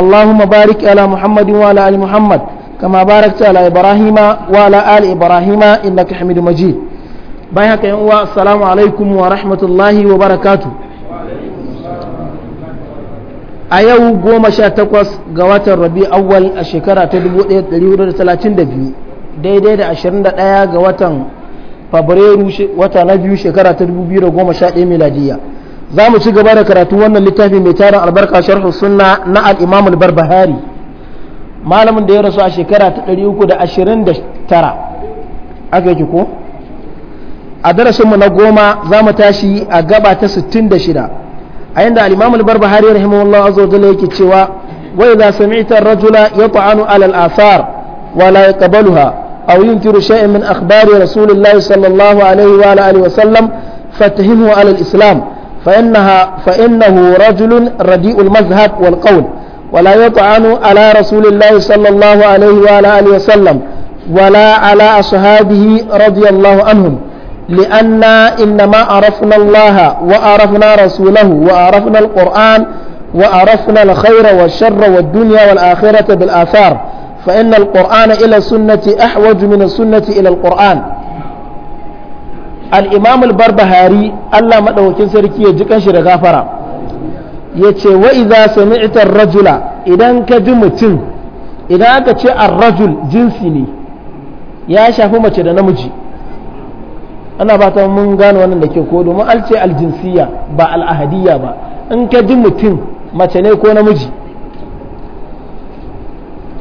اللهم بارك على محمد وعلى آل محمد كما باركت على إبراهيم وعلى آل إبراهيم إنك حميد مجيد بايعك يا السلام عليكم ورحمة الله وبركاته a yau goma sha takwas ga watan rabi awal a shekara ta 1432 daidai da 21 ga watan fabrairu wata na biyu shekara ta 2011 miladiyya za mu ci gaba da karatu wannan littafi mai tarin albarka sharhu sunna na al-imam al-barbahari malamin da ya rasu a shekara ta 329 aka yake ko a darasin mu na goma za mu tashi a gaba ta 66 a inda al-imam al-barbahari rahimahullah azza wa jalla yake cewa wa idza sami'ta ar-rajula yat'anu ala al-athar wa la yaqbaluha aw yunkiru shay'an min akhbari rasulillahi sallallahu alaihi wa alihi wa sallam fatahimu ala al-islam فإنها فإنه رجل رديء المذهب والقول ولا يطعن على رسول الله صلى الله عليه وعلى آله وسلم ولا على أصحابه رضي الله عنهم لأن إنما عرفنا الله وعرفنا رسوله وعرفنا القرآن وعرفنا الخير والشر والدنيا والآخرة بالآثار فإن القرآن إلى السنة أحوج من السنة إلى القرآن al-imam barbahari Allah maɗaukin sarki ya ji kanshi da gafara yace waiza idza sami'ta ar-rajula idan ka ji mutum idan aka ce ar-rajul jinsi ne ya shafi mace da namiji ana ba ta mun gane wannan da ke ko domin al ce ba alahadiyya ba in ka ji mutum mace ne ko namiji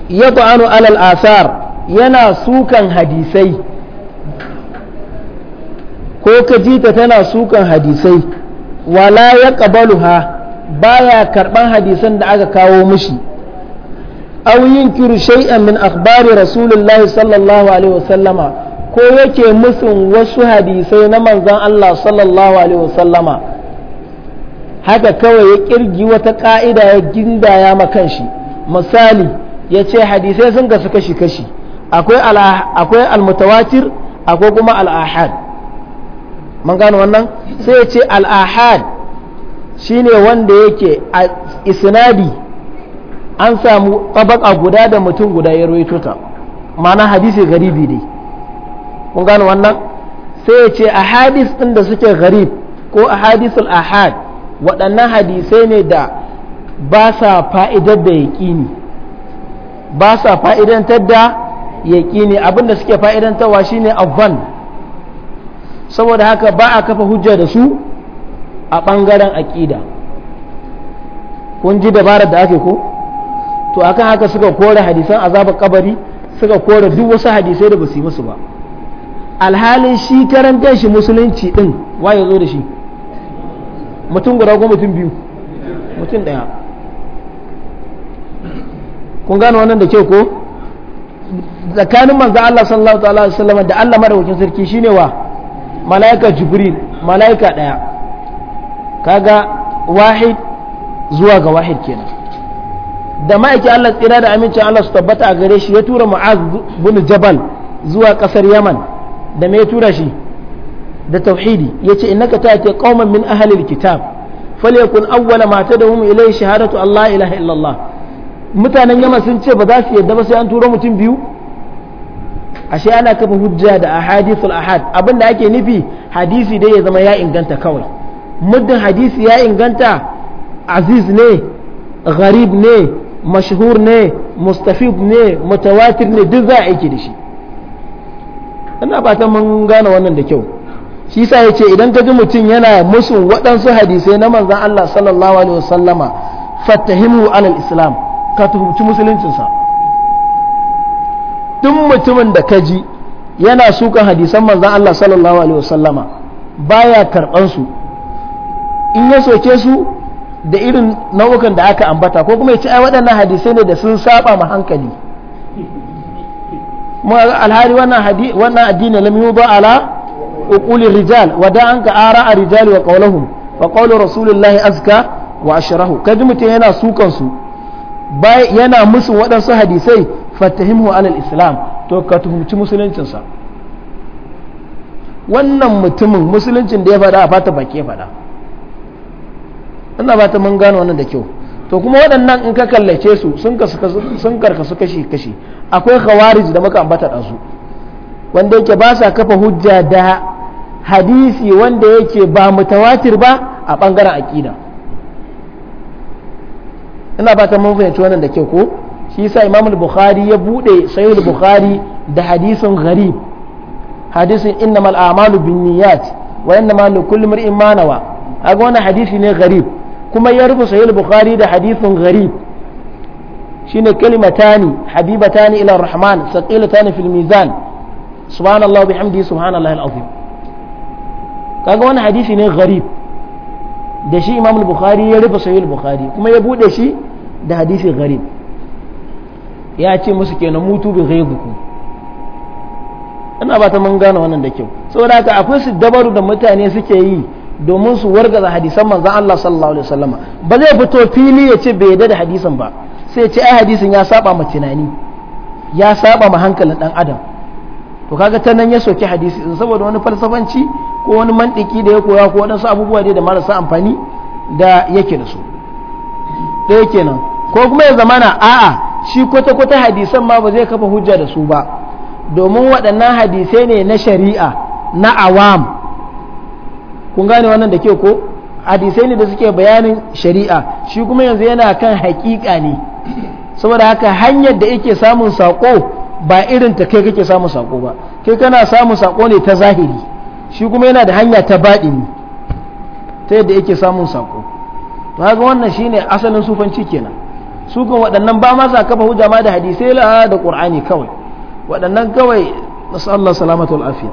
ya anu alal asar yana sukan hadisai ko ka ji ta tana sukan hadisai wala ya ƙabaluha baya karɓan hadisan da aka kawo mishi yin kiru shay'an min akhbari rasulullahi sallallahu alaihi wasallama ko yake musun wasu hadisai na manzon Allah sallallahu alaihi wasallama haka kawai ya ƙirgi wata ƙa'ida ya gindaya ma shi. misali ya ce hadisai sun gasu kashi kashi akwai almutawatir akwai kuma al man gano wannan sai ya ce al shi ne wanda yake a isnadi an samu a guda da mutum guda ya rawaito ta mana hadisi garibi ne kun gano wannan sai ya ce ahadis ɗin da suke garib ko a hadisul ahad waɗannan hadisai ne da ba sa fa'idar da yaƙini ba sa fa'idantar da ya yaƙini abinda suke fa'idantarwa shine avon saboda haka ba a kafa hujja da su a ɓangaren aƙida kun ji dabarar da ake ko to akan haka suka kore hadisan azabar kabari suka kore duk wasu hadisai da ba su yi musu ba alhalin shi karantar shi musulunci din waye zo da shi mutum guda ko mutum biyu mutum ɗaya kun gano wannan da kyau ko tsakanin manzo Allah sallallahu alaihi wasallam da Allah madaukakin sarki shine wa mala'ika jibril mala'ika ɗaya kaga wahid zuwa ga wahid kenan da ma'aiki Allah tsira da amincin Allah su tabbata a gare shi ya tura mu'az bin jabal zuwa kasar yaman da me tura shi da tauhidi ya ce innaka ke qauman min ahli alkitab falyakun awwala da mu ilayhi shahadatu Allah ilaha illallah mutanen yaman sun ce ba za su yadda ba sai an tura mutum biyu ashe ana kafa hujja da ahadithul ahad abin da ake nufi hadisi dai ya zama ya inganta kawai muddin hadisi ya inganta aziz ne gharib ne mashhur ne mustafid ne mutawatir ne duk za a aiki da shi ina fatan mun gane wannan da kyau shi yasa yace idan ka ji mutum yana musu waɗansu hadisai na manzon Allah sallallahu alaihi wasallama fatahimu alal islam ka tuhumci musuluncinsa duk mutumin da ka ji yana sukan hadisan manzan Allah sallallahu alaihi wasallama baya karban su in ya soke su da irin nau'ukan da aka ambata ko kuma ya ci a waɗannan hadisai ne da sun saba ma hankali alhari wannan addini lam ba ala uquli rijal wa an ka ara a rijal wa ƙaunahun wa qawlu rasulillahi azka wa ashrahu kaji mutum yana sukan su yana musu waɗansu hadisai fatahimu alal islam to ka tuhumci musuluncinsa wannan mutumin musuluncin da ya faɗa a fata baki ya faɗa ina ba ta mun gano wannan da kyau to kuma waɗannan in ka kallace su sun karkasu kashi kashi akwai khawarij da muka ambata da su wanda yake ba sa kafa hujja da hadisi wanda yake ba mutawatir ba a bangaren aqida ina ba ta mun fahimci wannan da kyau ko shi yasa imam al-bukhari ya bude sahih al-bukhari da hadisin gharib hadisin innamal a'malu binniyat wa innama likulli imrin ma nawa aga wannan hadisi ne gharib kuma ya rufe sahih al-bukhari da hadisin gharib shine kalimatani habibatani ila rahman saqilatani fil mizan subhanallahi bihamdi subhanallahi al-azim kaga wannan hadisi ne gharib da shi imam al-bukhari ya rufe sahih al-bukhari kuma ya bude shi da hadisi gharib ya ce musu kenan mutu bi ghaibuku ina ba ta mun gane wannan da kyau saboda haka akwai su dabaru da mutane suke yi domin su wargaza hadisan manzan Allah sallallahu alaihi wasallama ba zai fito fili ya ce bai yadda da hadisin ba sai ya ce ai hadisin ya saba ma tunani ya saba ma hankalin dan adam to kaga ta nan ya soki hadisi saboda wani falsafanci ko wani mantiki da ya koya ko wadansu abubuwa dai da marasa amfani da yake da su ɗaya kenan ko kuma ya zamana a'a shi kwata-kwata hadisan ma ba zai kafa hujja da su ba domin waɗannan hadisai ne na shari'a na awam kun gane wannan da ke ko hadisai ne da suke bayanin shari'a shi kuma yanzu yana kan hakika ne saboda haka hanyar da yake samun saƙo ba irin ta kai kake samun saƙo ba kai kana samun saƙo ne ta zahiri shi kuma yana da hanya ta ne ta yadda yake samun saƙo to haka wannan shine asalin sufanci kenan su kan waɗannan ba ma sa kafa hujja ma da hadisai la da qur'ani kawai waɗannan kawai nasallahu salamatu wal afiya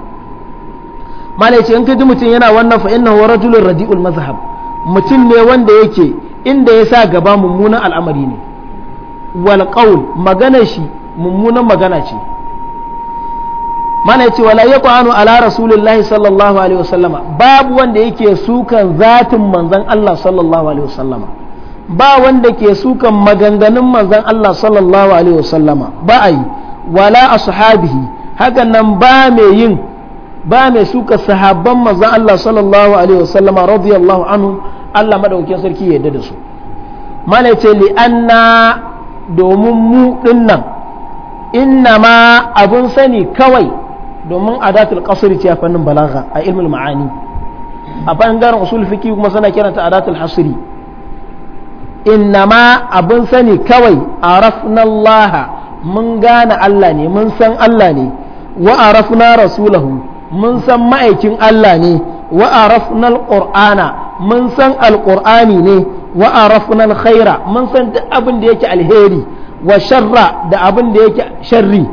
malai ce in ka ji mutum yana wannan fa innahu rajulun radi'ul mazhab mutum ne wanda yake inda ya sa gaba mummunan al'amari ne wal qaul maganar shi mummunan magana ce mana ya ce wala ya kwano ala rasulillahi sallallahu alaihi wasallama babu wanda yake sukan zatin manzan Allah sallallahu alaihi wasallama ba wanda ke sukan maganganun manzon Allah sallallahu alaihi wasallama ba a yi wala ashabihi hakan nan ba mai yin ba mai suka sahabban manzon Allah sallallahu alaihi wasallama radiyallahu anhu Allah madaukakin sarki ya yarda da su mana ce li domin mu dinnan inna ma abun sani kawai domin adatul qasri ce a fannin balagha a ilmul ma'ani a bangaren usul fiqi kuma suna kiranta adatul hasri innama abun sani kawai arafna Allah mun gane Allah ne mun san Allah ne wa arafna rasulahu mun san ma'aikin Allah ne wa arafna alqur'ana mun san alqur'ani ne wa arafna alkhaira mun san duk abin da yake alheri wa sharra da abin da yake sharri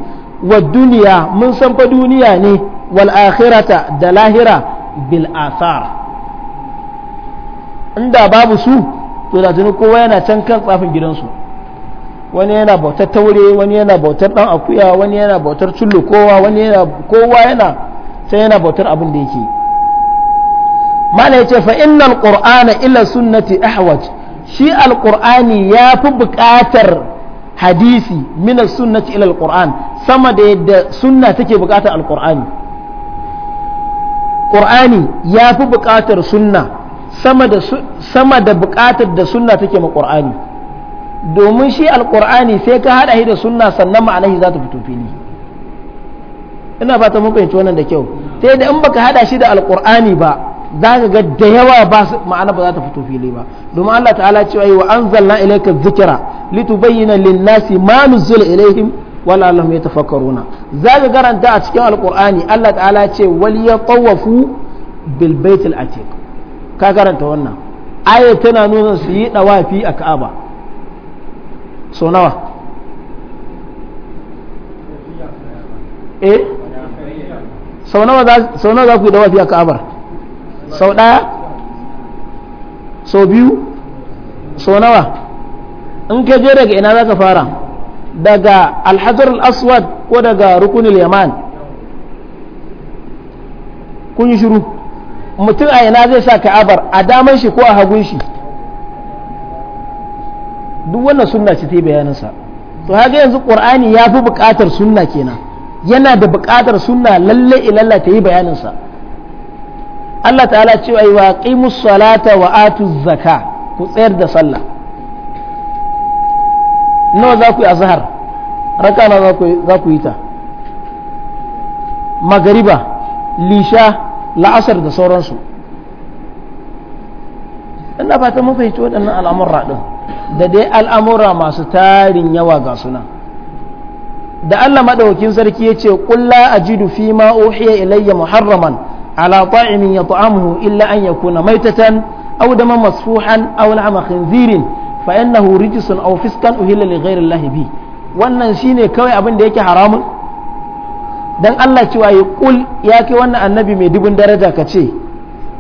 wa duniya mun san fa duniya ne wal akhirata da lahira bil asar inda babu su to da tuni kowa yana can kan tsafin gidansu wani yana bautar taure wani yana bautar dan akuya wani yana bautar cullu kowa wani yana kowa yana sai yana bautar abin da yake mala yace fa innal qur'ana illa sunnati ahwaj shi alqur'ani yafi buƙatar hadisi min sunnati ila alqur'an sama da yadda sunna take buƙatar alqur'ani qur'ani yafi buƙatar sunna sama da buƙatar da sunna take ma ƙur'ani domin shi alƙur'ani sai ka haɗa shi da sunna sannan ma'anahi za ta fito fili ina fata mun fahimci wannan da kyau sai da in baka haɗa shi da alƙur'ani ba za ka ga da yawa ba ma'ana ba za ta fito fili ba domin Allah ta'ala cewa wa anzalna ilayka dhikra litubayyana lin-nasi ma nuzila ilayhim wala lahum yatafakkaruna za ka garanta a cikin alƙur'ani Allah ta'ala ce wal yatawafu bil baitil atiq ka karanta wannan aya tana nuna su yi dawafi a ka'aba so nawa eh sau nawa za ku yi dawafi a ka'abar sau ɗaya sau biyu sau nawa in ka je daga ina za ka fara daga alhajar aswad ko daga rukunin yaman kun yi shiru mutum a yana zai sa ka'abar a damar shi ko a hagun shi duk wannan sunna ce ta yi bayaninsa to haka yanzu ƙur'ani ya fi buƙatar sunna kenan yana da buƙatar sunna lalle ilalla ta yi bayaninsa Allah ta'ala cewa yi wa qimus salata wa atu zaka ku tsayar da sallah nawa za ku yi azhar raka na za ku yi ta magariba lisha la'asar da sauransu ina fata mun fahimci waɗannan al'amura ɗin da dai al'amura masu tarin yawa ga suna da Allah maɗaukin sarki ya ce ƙulla a jidu fi ma uhiya ilayya muharraman ala ta'imin ya ta'amuhu illa an yakuna maitatan aw daman masfuhan aw lahma khinzirin fa innahu rijsun aw fiskan uhilla li ghayri Allah bi wannan shine kawai abin da yake haramun dan Allah cewa ya kul ya ke wannan annabi mai dubin daraja ka ce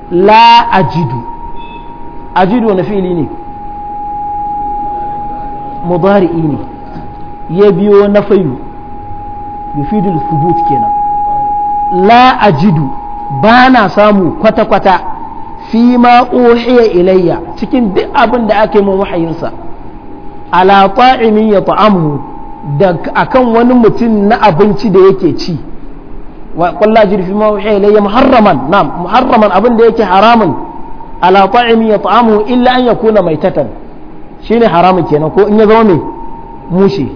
la ajidu ajidu wani fili ne mubari'i ne ya biyo na fayu yufidul thubut kenan la ajidu ba na samu kwata-kwata fi ma uhiya ilayya cikin duk abin da ake mun wahayinsa ala ta'imin ya ta'amu da akan wani mutum na abinci da yake ci wa kullu jirfi ma wa ilayya muharraman na'am muharraman abin da yake haramun ala ta'imi yat'amu illa an yakuna maitatan shine haramun kenan ko in ya zama me mushi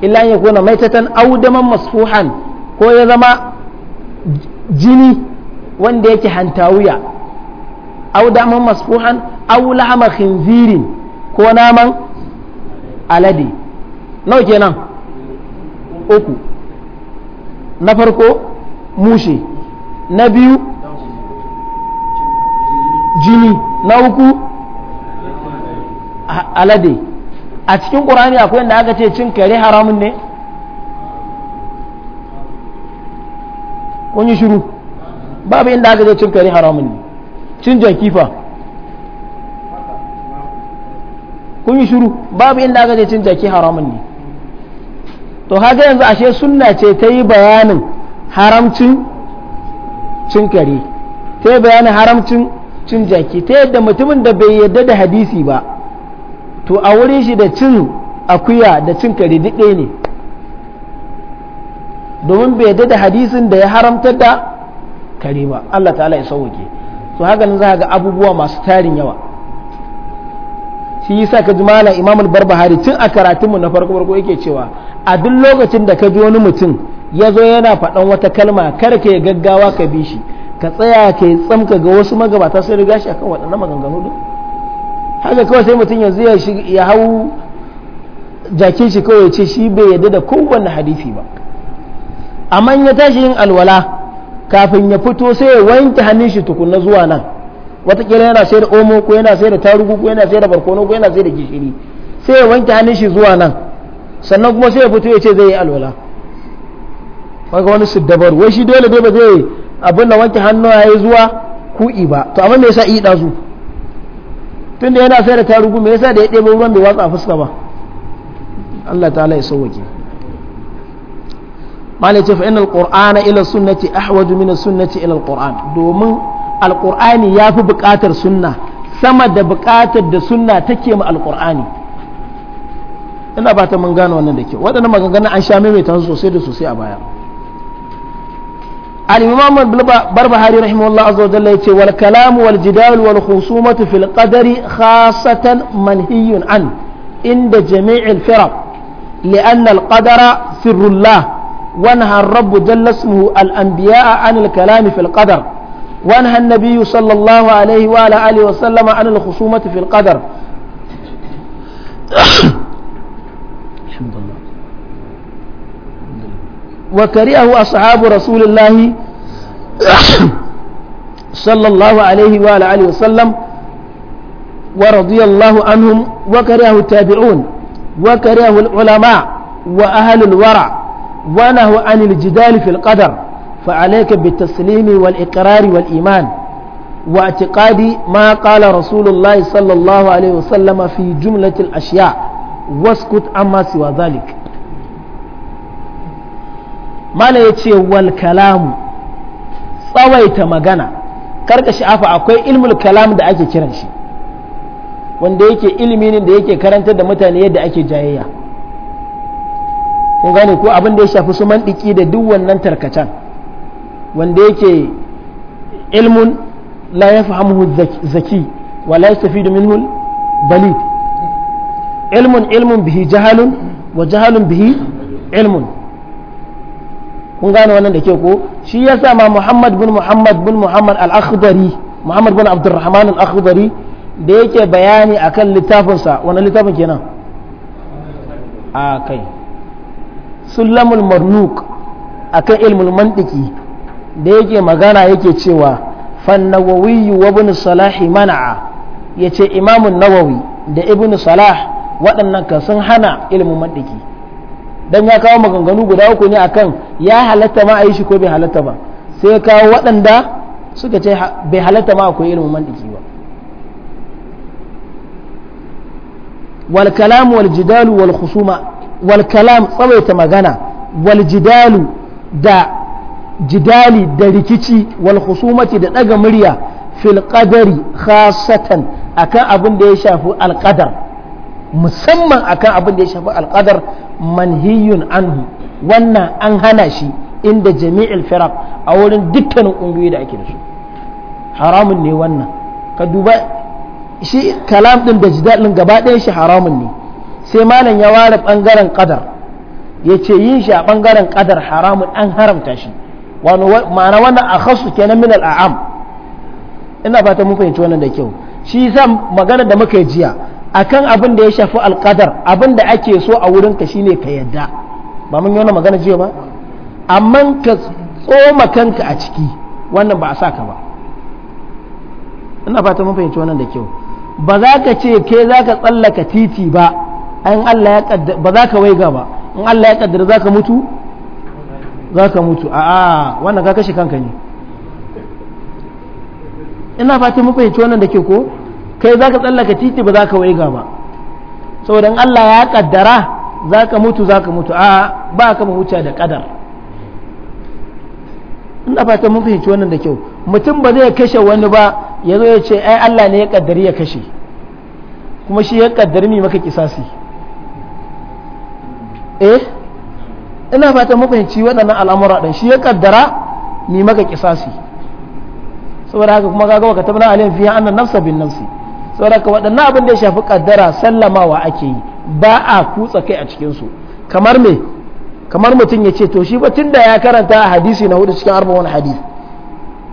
illa an yakuna maitatan aw daman masfuhan ko ya zama jini wanda yake hantawiya aw daman masfuhan aw lahama khinzirin ko naman alade nawa kenan uku na farko mushe na biyu jini na uku alade a cikin ƙorani akwai inda aka ce cin kare haramun ne kun yi shiru babu inda aka ce cin kare haramun ne cin jankifa kun yi shiru babu inda aka ce cin jaki haramun ne to haka yanzu ashe sunna ce ta yi bayanin haramcin cin kare ta yi bayanin haramcin cin jaki ta yadda mutumin da bai yadda da hadisi ba to a wurin shi da cin akuya da cin kare duk ɗaya ne domin bai yadda da hadisin da ya haramta da kare ba Allah ta'ala ya sauke to haka nan za ga abubuwa masu tarin yawa shi yasa ka ji malam barbahari tun a karatunmu na farko farko yake cewa a duk lokacin da ka ji wani mutum ya zo yana faɗan wata kalma kar ka yi gaggawa ka bi shi ka tsaya ka yi tsamka ga wasu magabata sun riga shi akan waɗannan maganganu din haka kawai sai mutum yanzu ya hau jakin shi kawai ce shi bai yadda da kowanne hadisi ba amma ya tashi yin alwala kafin ya fito sai ya wanke hannun shi tukunna zuwa nan watakila yana sai da omo ko yana sai da tarugu ko yana sai da barkono ko yana sai da gishiri sai ya wanke hannun shi zuwa nan sannan kuma sai ya fito ya ce zai yi alwala kaga wani su dabar wai shi dole dai ba zai yi abin da wanke hannu ya zuwa ku'i ba to amma me yasa i tun da yana sai da tarugu me yasa da ya ɗebo ruwan bai watsa a fuska ba Allah ta'ala ya sauwake mala ce fa'in alƙur'ana ila sunnati ahwaju min sunnati ila alƙur'an domin alƙur'ani ya fi buƙatar sunna sama da buƙatar da sunna take ma alƙur'ani ina ba ta mun gane wannan da kyau waɗannan maganganun an sha maimaita su sosai da sosai a baya al-imam barbahari rahimahullah azza wa jalla yace wal kalam wal jidal wal khusumatu fil qadari khasatan manhiyun an inda jami'il firaq لأن القدر سر الله ونهى الرب جل اسمه الأنبياء عن الكلام في القدر ونهى النبي صلى الله عليه وعلى آله وسلم عن الخصومة في القدر وكرهه أصحاب رسول الله صلى الله عليه وآله وسلم ورضي الله عنهم وكرهه التابعون وكرهه العلماء وأهل الورع ونهوا عن الجدال في القدر فعليك بالتسليم والإقرار والإيمان واعتقاد ما قال رسول الله صلى الله عليه وسلم في جملة الأشياء واسكت عما سوى ذلك mala ya ce wal kalamu tsawaita magana karka sha'afa akwai ilmul kalam da ake kiran shi wanda yake ilmi ne da yake karantar da mutane yadda ake jayayya kun gane ko abin da ya shafi su mandiki da duk wannan tarkacen wanda yake ilmun la yafhamuhu zaki wa la yastafidu minhu balid ilmun ilmun bihi jahalun wa jahalun bihi ilmun kun gane wannan da ke ko shi ya sa ma Muhammad bin Muhammad bin Muhammad al-Akhdari Muhammad bin Abdurrahman al-Akhdari da yake bayani a kan littafinsa wannan littafin kenan a kai Sulamul Marnuk akan ilmul mantiki da yake magana yake cewa fannawawi wa ibn Salah mana'a ce imamun Nawawi da Ibn Salah waɗannan ka sun hana ilmul mantiki dan ya kawo maganganu guda uku ne akan ya halatta ma a yi shi ko bai halatta ba sai ya kawo waɗanda suka ce bai halatta ma akwai ilimin mandiki ba wal kalam wal jidalu wal khusuma wal kalam tsawaita magana wal jidalu da jidali da rikici wal khusumati da daga murya fil qadari khasatan akan abin da ya shafi al qadar musamman akan abin da ya shafi alƙadar manhiyun anhu wannan an hana shi inda jami'il firaq a wurin dukkanin ƙungiyoyi da ake da su haramun ne wannan ka duba shi kalam ɗin da jidalin gaba ɗayan shi haramun ne sai malam ya ware ɓangaren ƙadar ya ce yin shi a ɓangaren ƙadar haramun an haramta shi ma'ana wannan a khasu kenan minal a'am, ina fata mun fahimci wannan da kyau shi yasa magana da muka yi jiya akan abin da ya shafi alƙadar abin da ake so a wurin ka shine ka yadda ba mun yi wani magana jiya ba amma ka tsoma kanka a ciki wannan ba a sa ka ba ina fata mun fahimci wannan da kyau ba za ka ce ke za ka tsallaka titi ba an Allah ya kaddara ba za ka waiga ba in Allah ya kaddara za ka mutu za ka mutu a'a wannan ka kashe kanka ne ina fata mun fahimci wannan da kyau ko kai za ka tsallaka titi ba za ka waiga ba saboda Allah ya kaddara za ka mutu za ka mutu a ba ka mahuta da kadar ina fata mun fahimci wannan da kyau mutum ba zai kashe wani ba ya zo ya ce ai Allah ne ya kaddari ya kashe kuma shi ya kaddari mai maka kisasi eh ina fata mun fahimci waɗannan al'amura ɗin shi ya kaddara mai maka kisasi saboda haka kuma kaga ka tabbana alayhi fiha anna nafsa bin nafsi sauraka waɗannan abin da ya shafi kaddara sallamawa ake yi ba a kutsa kai a cikinsu kamar me kamar mutum ya ce to shi ba tun da ya karanta a hadisi na hudu cikin arba'un hadisi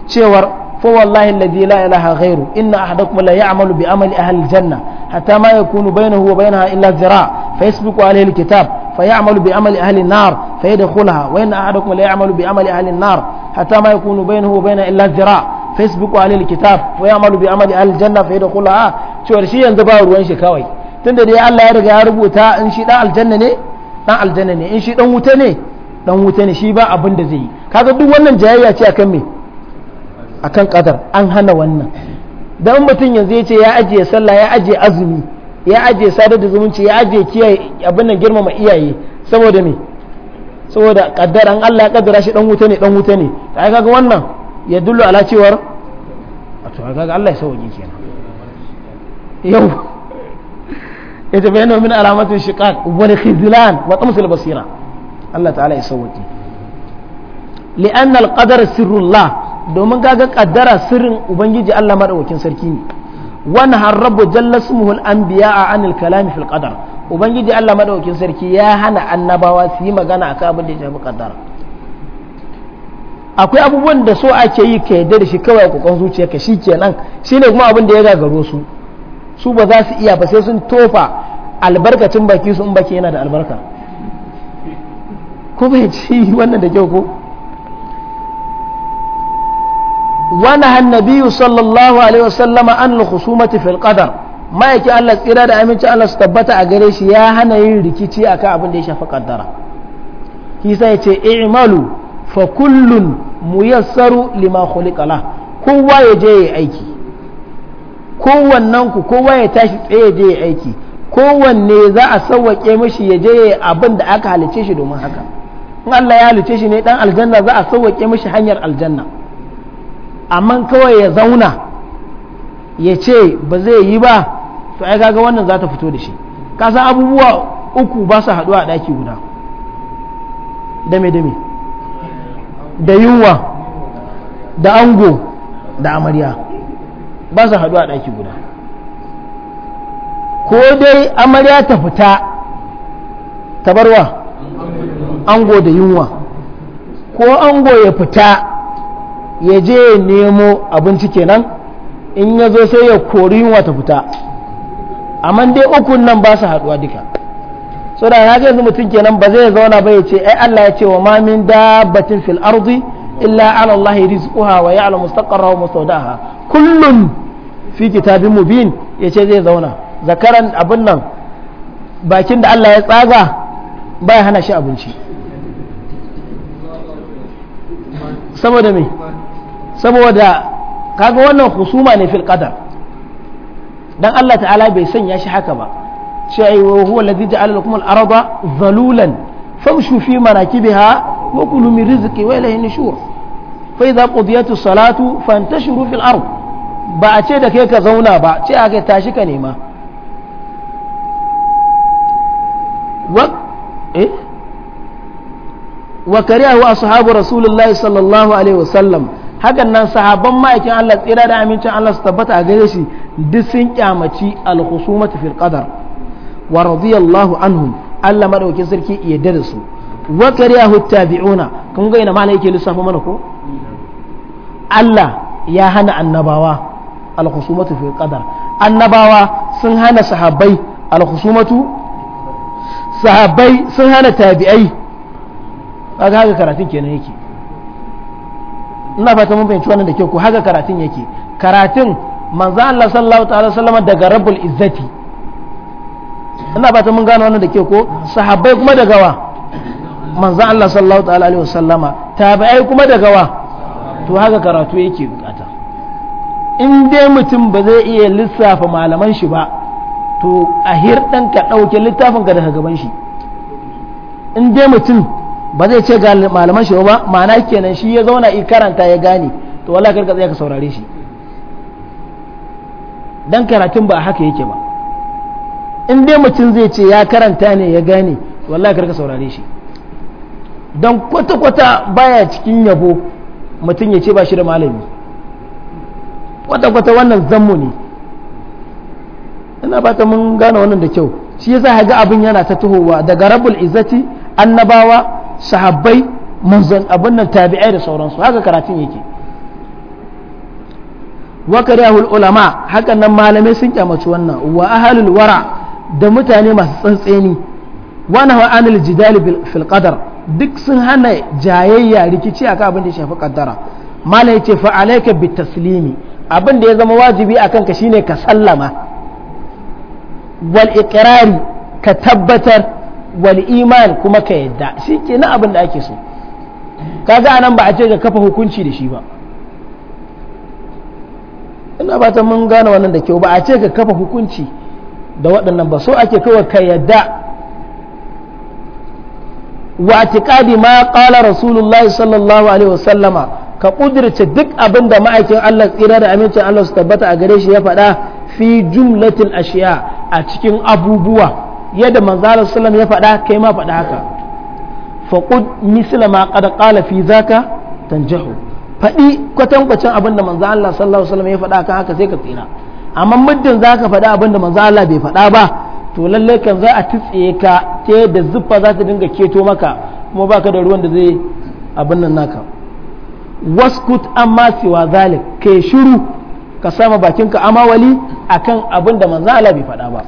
cewar fa wallahi alladhi la ilaha ghairu inna ahadakum la ya'malu bi amali ahli aljanna hatta ma yakunu bainahu wa bainaha illa zira fa yasbiqu alayhi alkitab fa ya'malu bi amali ahli an-nar fa yadkhulaha wa inna ahadakum la ya'malu bi amali ahli an-nar hatta ma yakunu bainahu wa bainaha illa zira facebook alil kitab wa ya'malu bi amali al janna fa yadkhulaha cewar shi yanzu ba ruwan shi kawai tunda dai Allah ya riga ya rubuta in shi dan aljanna ne dan aljanna ne in shi dan wuta ne dan wuta ne shi ba abin da zai yi kaga duk wannan jayayya ce akan me akan kadar an hana wannan dan mutum yanzu ya ce ya ajiye sallah ya ajiye azumi ya ajiye sadar da zumunci ya ajiye kiyaye abin nan girmama iyaye saboda me saboda kaddaran Allah ya kaddara shi dan wuta ne dan wuta ne ai kaga wannan ya dullo ala cewar a to kaga Allah ya sauke kenan yau ita bayyana min alamatin shiqaq wal khizlan wa tamsil basira Allah ta'ala ya sauke li'anna al-qadar sirrullah domin kaga kaddara sirrin ubangiji Allah madaukakin sarki ne wani harrabu jallasuhul anbiya a anil kalami fil qadar ubangiji Allah madaukakin sarki ya hana annabawa su yi magana akan abin da ya shafi kaddara akwai abubuwan da so ake yi ka yadda da shi kawai kokon zuciya ka shi kenan shi ne kuma abin da ya gagaro su su ba za su iya ba sai sun tofa albarkacin baki su in baki yana da albarka ko bai ci wannan da kyau ko Wani النبي sallallahu alaihi عليه an عن الخصومة في القدر ما يكي الله da aminci Allah su tabbata a gare shi ya hana yin rikici akan abin da ya shafi kaddara kisa ya ce i'malu fakullun mu muyassaru lima khuliqa la kowa ya je ya aiki kowannen ku kowa ya tashi tsaye je ya aiki kowanne za a sawwake mishi ya je abin da aka halice shi domin haka in Allah ya halice shi ne dan aljanna za a sawwake mishi hanyar aljanna amma kawai ya zauna ya ce ba zai yi ba to ai kaga wannan za ta fito da shi kasan abubuwa uku ba su haɗuwa a ɗaki guda dame dame da yunwa da ango da amarya ba su haɗu a ɗaki guda ko dai amarya ta fita tabarwa ango da yunwa ko ango ya fita ya je ya nemo abinci kenan in ya zo sai ya kori yunwa ta fita amma dai ukun nan ba su haɗuwa duka saboda na ga yanzu mutum kenan ba zai zauna ba ya ce ai Allah ya ce wa ma min dabbatin fil ardi illa ala Allah rizquha wa ya'lamu mustaqarra wa mustawdaha kullun fi kitabin mubin yace zai zauna zakaran abin nan bakin da Allah ya tsaga baya hana shi abinci saboda me saboda kaga wannan husuma ne fil qadar dan Allah ta'ala bai sanya shi haka ba cewa huwa alladhi ja'ala lakum al-arda zalulan famshu fi manakibiha wa kulu min rizqi wa ilayhi nushur fa idza qudiyatu salatu fantashiru fil ard ba a ce da kai ka zauna ba ce a kai tashi ka nema wa eh wa kariyahu ashabu rasulullahi sallallahu alaihi wasallam hakan nan sahabban ma'aikin Allah tsira da amincin Allah su tabbata a gare shi duk sun kyamaci al-khusumati fil qadar wa radiyallahu anhum Allah madaukin sarki ya da su wa kariyahu tabi'una kun ga ina malai yake lissafa mana ko Allah ya hana annabawa al-khusumatu fi qadar annabawa sun hana sahabbai al-khusumatu sahabbai sun hana tabi'ai kaga haka karatun kenan yake ina fata mun fahimci wannan da kyau ko haka karatun yake karatun manzo Allah sallallahu ta'ala sallama daga rabbul izzati ina ba ta mun gano wannan da ke ko sahabbai kuma da gawa manzan Allah sallallahu ta'ala alaihi wasallama tabi'ai kuma da gawa to haka karatu yake bukata in dai mutum ba zai iya lissafa malaman shi ba to a hirɗan ka ɗauke littafin ka daga gaban shi in dai mutum ba zai ce ga malaman shi ba ma'ana kenan shi ya zauna i karanta ya gane to wallahi karka tsaya ka saurare shi dan karatun ba haka yake ba in dai mutum zai ce ya karanta ne ya gane wallahi karka saurare shi don kwata-kwata baya cikin yabo mutum ya ce ba shi da malami kwata-kwata wannan zammu ne ina fata mun gane wannan da kyau shi yasa ga abin yana ta tuhowa daga rabul izzati annabawa sahabbai manzon abin nan tabi'ai da sauransu haka karatun yake wa ulama hakan nan malamai sun kyamaci wannan wa ahalul wara' da mutane masu tsantseni wani hawa anil jidali fil qadar duk sun hana jayayya rikici akan abin da ya shafi kaddara malai ce fa alayka bi taslimi abin da ya zama wajibi akan ka shine ka sallama wal iqrari ka tabbatar wal iman kuma ka yadda shikenan abin da ake so kaga anan ba a ce ka kafa hukunci da shi ba ina ba ta mun gane wannan da kyau ba a ce ka kafa hukunci da waɗannan ba so ake kawai ka yadda wa atiqadi ma qala rasulullahi sallallahu alaihi wasallama ka kudirce duk abin da ma'aikin Allah tsira da amincin Allah su tabbata a gare shi ya faɗa fi jumlatil ashiya a cikin abubuwa yadda manzo sallallahu ya faɗa kai ma faɗa haka faqud misla ma qad qala fi zaka tanjahu faɗi kwatankwacin abin da manzo Allah sallallahu alaihi wasallam ya faɗa kan haka sai ka tsira amma muddin za ka faɗa abin da bai faɗa ba to lallai kan za a titse ka ta da zuffa za ta dinga keto maka kuma baka da ruwan da zai abin nan naka waskut amma siwa zalik kai shiru ka sama bakinka amawali akan abin da manzo bai faɗa ba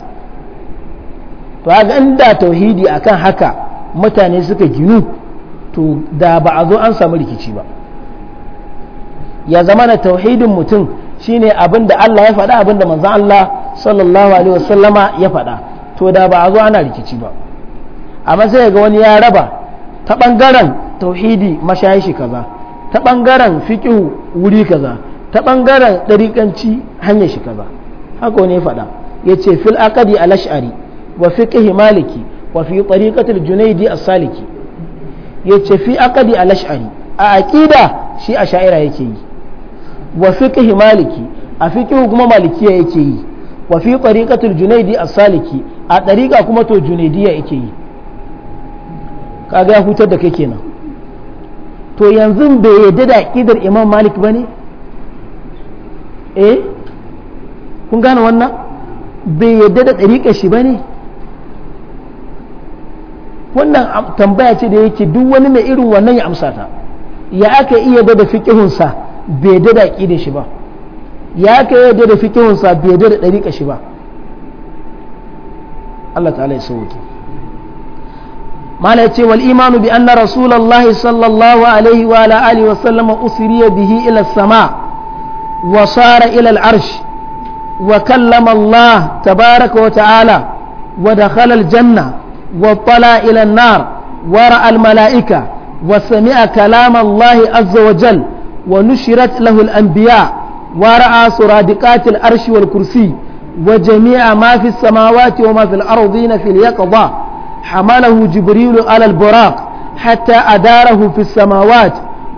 to ga da tauhidi akan haka mutane suka ginu to da ba a zo an samu rikici ba ya zama na tauhidin mutum Shi ne abin da Allah ya faɗa abin da manzan Allah sallallahu alaihi wasallama ya faɗa to da ba a zo ana rikici ba amma sai ga wani ya raba ta ɓangaren tauhidi mashayi shi kaza ta ɓangaren Fiƙihu wuri kaza ta ɓangaren ɗariƙanci hanyar shi kaza haka ne faɗa ya ce fil aqadi al ash'ari wa fiqhi maliki wa fi tariqatil junaidi as saliki ya ce fi aqadi al ash'ari a aƙida shi a sha'ira yake yi wa fiqh maliki a fiqh kuma malikiya yake yi wa fi tariqatul junaidi as-saliki a tariqa kuma to junaidiya yake yi kaga ya hutar da kai kenan to yanzu bai yadda da kidar imam malik bane eh kun gane wannan bai yadda da tariqar shi bane wannan tambaya ce da yake duk wani mai irin wannan ya amsa ta ya aka iya bada sa. bai da da shi ba ya ka yadda da fikihunsa bai da da ɗariƙa shi ba Allah ta ya sauke mala ce wal imanu bi anna rasulullahi sallallahu alaihi wa ala alihi wa sallama usriya bihi ila sama wa sara ila al arsh wa kallama Allah tabaraka wa ta'ala wa dakhala al janna wa tala ila an nar wa ra'a al malaika wa sami'a kalama Allah azza wa jalla ونشرت له الأنبياء ورأى سرادقات الأرش والكرسي وجميع ما في السماوات وما في الأرضين في اليقظة حمله جبريل على البراق حتى أداره في السماوات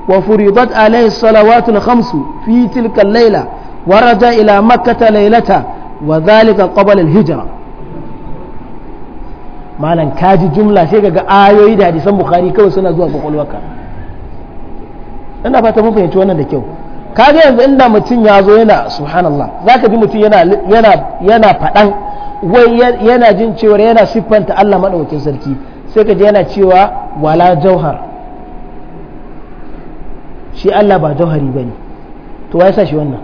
وفرضت عليه الصلوات الخمس في تلك الليلة ورجع إلى مكة ليلته وذلك قبل الهجرة malam kaji jumla sai ga ayoyi da hadisan bukhari kawai suna zuwa kwakwalwarka ina fata mun fahimci wannan da kyau kaga yanzu inda mutum ya zo yana subhanallah zaka ji mutum yana yana yana fadan wai yana jin cewa yana siffanta Allah madaukakin sarki sai ka ji yana cewa wala jauhar shi Allah ba jauhari bane to wai sa shi wannan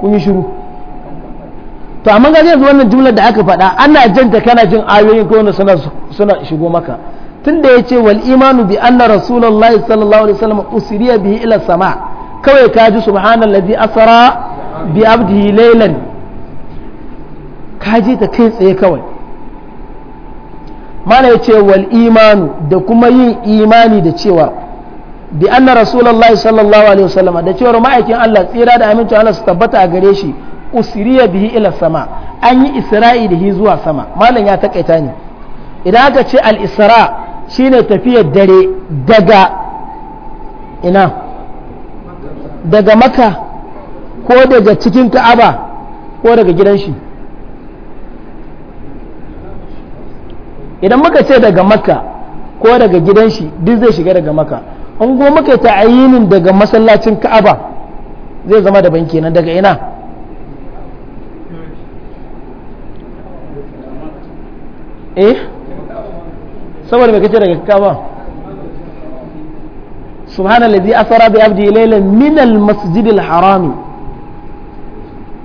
kun yi shiru to amma ga yanzu wannan jumlar da aka faɗa ana jin ta kana jin ayoyin ko suna suna shigo maka Tun da ya ce wal imanu bi anna rasulullahi sallallahu alaihi wasallam usriya bihi ila sama kawai ka ji subhanallazi asara bi abdihi laylan ka ji ta kai tsaye kawai mana ya ce wal imanu da kuma yin imani da cewa bi anna rasulullahi sallallahu alaihi wasallam da cewar ma'aikin Allah tsira da amincin Allah su tabbata a gare shi usriya bihi ila sama an yi isra'i da hi zuwa sama malam ya takaita ne idan aka ce al isra' shine tafiyar dare daga ina daga maka ko daga cikin ka'aba ko daga gidan shi idan muka ce daga maka ko daga gidan shi duk zai shiga daga maka an go muka ta ayinin daga masallacin ka'aba zai zama daban kenan daga ina eh saboda mai kace daga kaba subhanallazi asara bi abdi laylan min al masjidil haram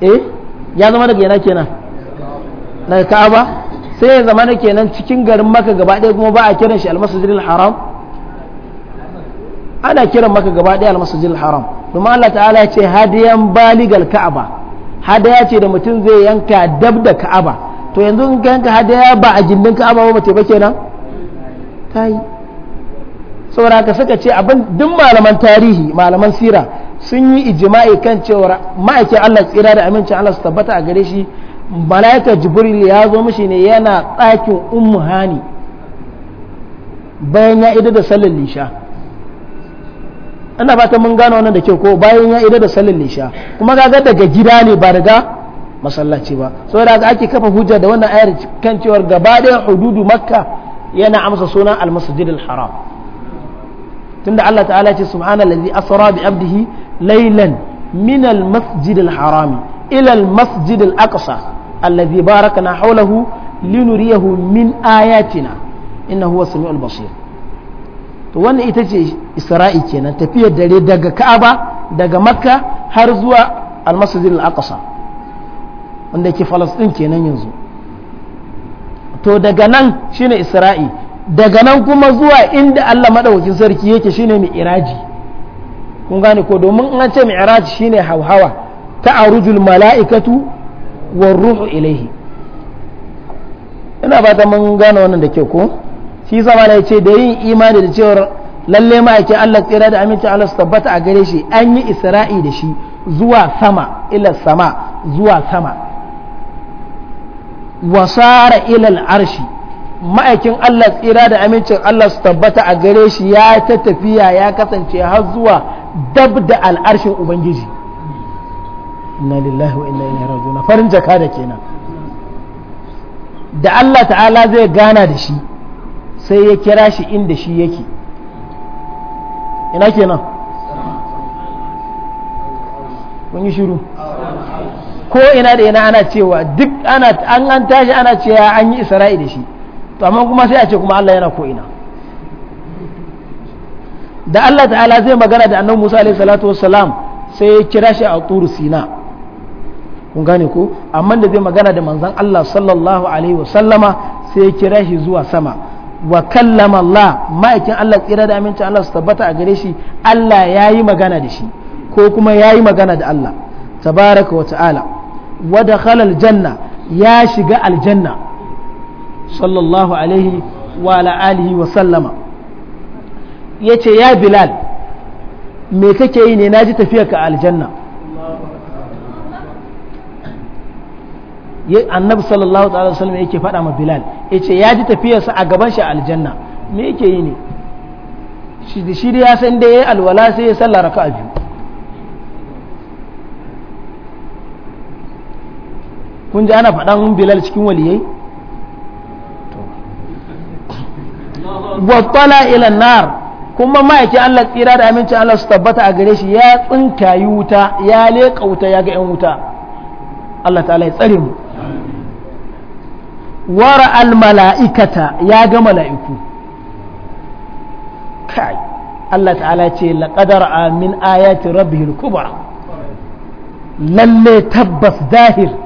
eh ya zama daga yana kenan daga kaba sai ya zama na kenan cikin garin maka gaba ɗaya kuma ba a kiran shi al masjidil haram ana kiran maka gaba ɗaya al masjidil haram domin Allah ta'ala ya ce hadiyan baligal ka'aba hadaya ce da mutum zai yanka dab da ka'aba to yanzu in ka yanka hadaya ba a gindin ka'aba ba ce ba kenan ta saboda ka suka ce abin duk malaman tarihi malaman sira sun yi ijima'i kan cewar ma'aikin Allah tsira da amincin Allah su tabbata a gare shi malaikar jibril ya zo mishi ne yana ɗakin ummu hani bayan ya ido da sallar lisha ana fata mun gano wannan da kyau ko bayan ya ido da sallar lisha kuma ga daga gida ne ba daga masallaci ba saboda ake kafa hujja da wannan ayar kan cewar gaba ɗaya hududu makka yana amsa suna al-masjid al-haram tunda Allah ta'ala ce subhanallazi asra bi abdihi laylan min al-masjid al-haram ila al-masjid al-aqsa alladhi barakna hawlahu linuriyahu min ayatina innahu huwa samiul basir to wannan ita ce isra'i kenan tafiyar dare daga ka'aba daga makka har zuwa al-masjid al-aqsa wanda ke falastin kenan yanzu to daga nan shine isra'i daga nan kuma zuwa inda Allah madaukakin sarki yake shine mai iraji kun gane ko domin an ce mai shine hauhawa ta arujul mala'ikatu war ruhu ilaihi ina fata mun gane wannan da kyau ko shi zama ne ce da yin imani da cewar lalle yake Allah tsira da aminci Allah su tabbata a gare shi an yi isra'i da shi zuwa sama ila sama zuwa sama wasara ilal arshi ma'aikin Allah tsira da amincin Allah su tabbata a gare shi ya ta tafiya ya kasance har zuwa dabda da al'arshin Ubangiji inna lillahi wa inna ilaihi raji'un farin jaka da kenan da Allah ta'ala zai gana da shi sai ya kira shi inda shi yake ina kenan kun yi shiru ko ina da ina ana cewa duk ana an an tashi ana cewa an yi isra'i da shi to amma kuma sai a ce kuma Allah yana ko ina da Allah ta'ala zai magana da annabi Musa alaihi salatu wassalam sai ya kira shi a turu sina kun gane ko amma da zai magana da manzon Allah sallallahu alaihi wasallama sai ya kira shi zuwa sama wa kallama Allah ma'aikin Allah tsira da amincin Allah su tabbata a gare shi Allah ya yi magana da shi ko kuma ya yi magana da Allah tabaraka wa ta'ala wa dakhala aljanna ya shiga aljanna sallallahu alaihi wa ala alihi wa sallama yace ya bilal me kake yi ne ji tafiya ka aljanna annabi sallallahu ta'ala sallama yake faɗa ma bilal yace ya ji tafiyarsa a gaban shi aljanna me yake yi ne shi da ya san da ya alwala sai ya sallah raka'a biyu kun ji ana faɗan bilal cikin waliyai wattala ila nar kuma ma'aikin Allah tsira da amincin Allah su tabbata a gare shi ya tsinkayi wuta ya leƙa wuta ya ga ƴan wuta Allah ta'ala ya tsare mu wara al mala'ikata ya ga mala'iku kai Allah ta'ala ce laqadar amin ayati rabbihil kubra lalle tabbas zahir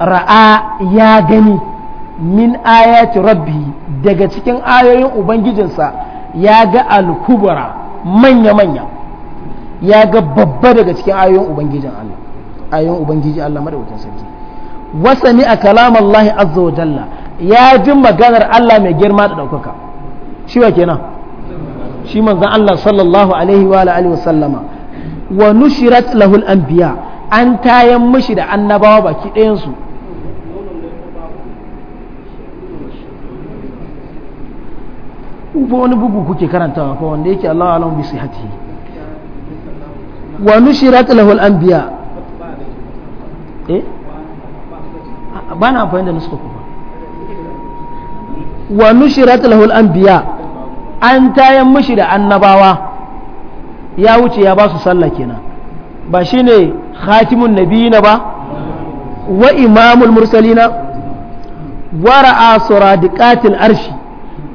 ra'a ya gani min ayati rabbi daga cikin ayoyin ubangijinsa ya ga alkubara manya-manya ya ga babba daga cikin ayoyin ubangijin Allah ayoyin ubangiji Allah madaukakin sarki wasani a kalam Allah azza wa jalla ya ji maganar Allah mai girma da daukaka shi wa kenan shi manzon Allah sallallahu alaihi wa alihi wa sallama wa nushirat lahul anbiya an tayan mishi da annabawa baki ɗayan su ko wani bugu kuke karantawa fa wanda yake allah alam bi sihhatihi wa nushirat lahu al anbiya eh ba na amfani da kuma wa nushirat lahu al anbiya an tayan mishi da annabawa ya wuce ya ba su sallah kenan ba shine khatimun nabiyina ba wa imamul mursalina wa ra'a suradiqatil arshi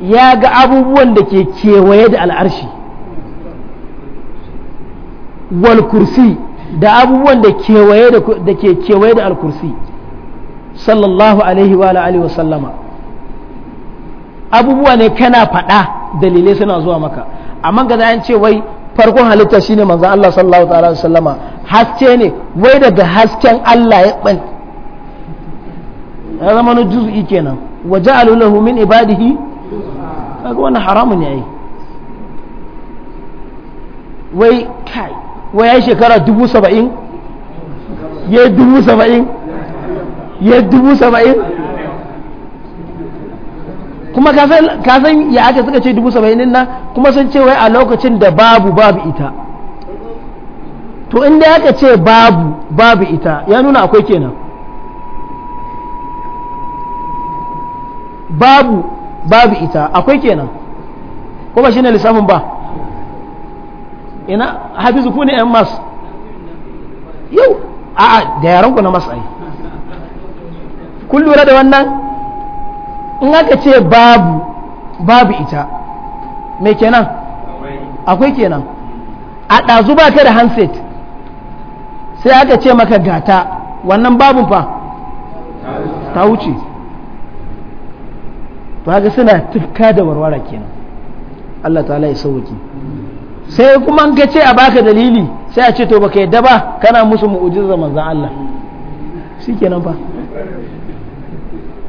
ya ga abubuwan da ke kewaye da al'arshi wal kursi da abubuwan da ke kewaye da al-kursi sallallahu alaihi wa alihi wa sallama abubuwa ne kana faɗa dalilai suna zuwa maka amma ga an ce wai farkon halitta shine manzon Allah sallallahu alaihi wa sallama haske ne wai daga hasken Allah ya ban ya zama na juz'i kenan wa ja'alu lahu min ibadihi kaga wannan haramun ne ai wai kai wai ai shekara dubu saba'in ya dubu saba'in ya dubu saba'in kuma ka san ya aka suka ce dubu saba'in nan kuma sun ce wai a lokacin da babu babu ita to inda ya ka ce babu babu ita ya nuna akwai kenan babu babu ita akwai kenan kuma shine lissafin ba ina hafizu ku ne yan mas yau a'a da yaran ku na masu ai kun lura da wannan in aka ce babu babu ita me kenan akwai kenan a ɗazu ba ka da handset sai aka ce maka gata wannan babu fa ta wuce to haka suna tufka da warwara kenan Allah ta ya sauki sai kuma ka ce a baka dalili sai a ce to baka yadda ba kana musu mu'ujizar manzan Allah ba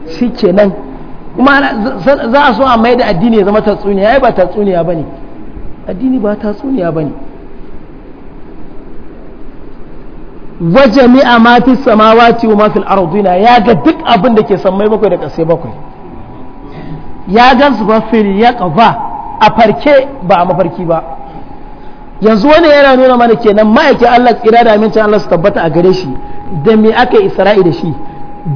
shi kenan kuma za a so a mai da addini ya zama tatsuniya ai ba tatsuniya ba ne, addini ba tatsuniya ba ne jami'a ma fi samawati wa ma fil ardina ya ga duk abin da ke sammai bakwai da ƙasai bakwai ya gansu ba fil ya ƙafa a farke ba a mafarki ba yanzu wani yana nuna mana kenan ma'aikin Allah tsira da amincin Allah su tabbata a gare shi da me aka yi isra'i da shi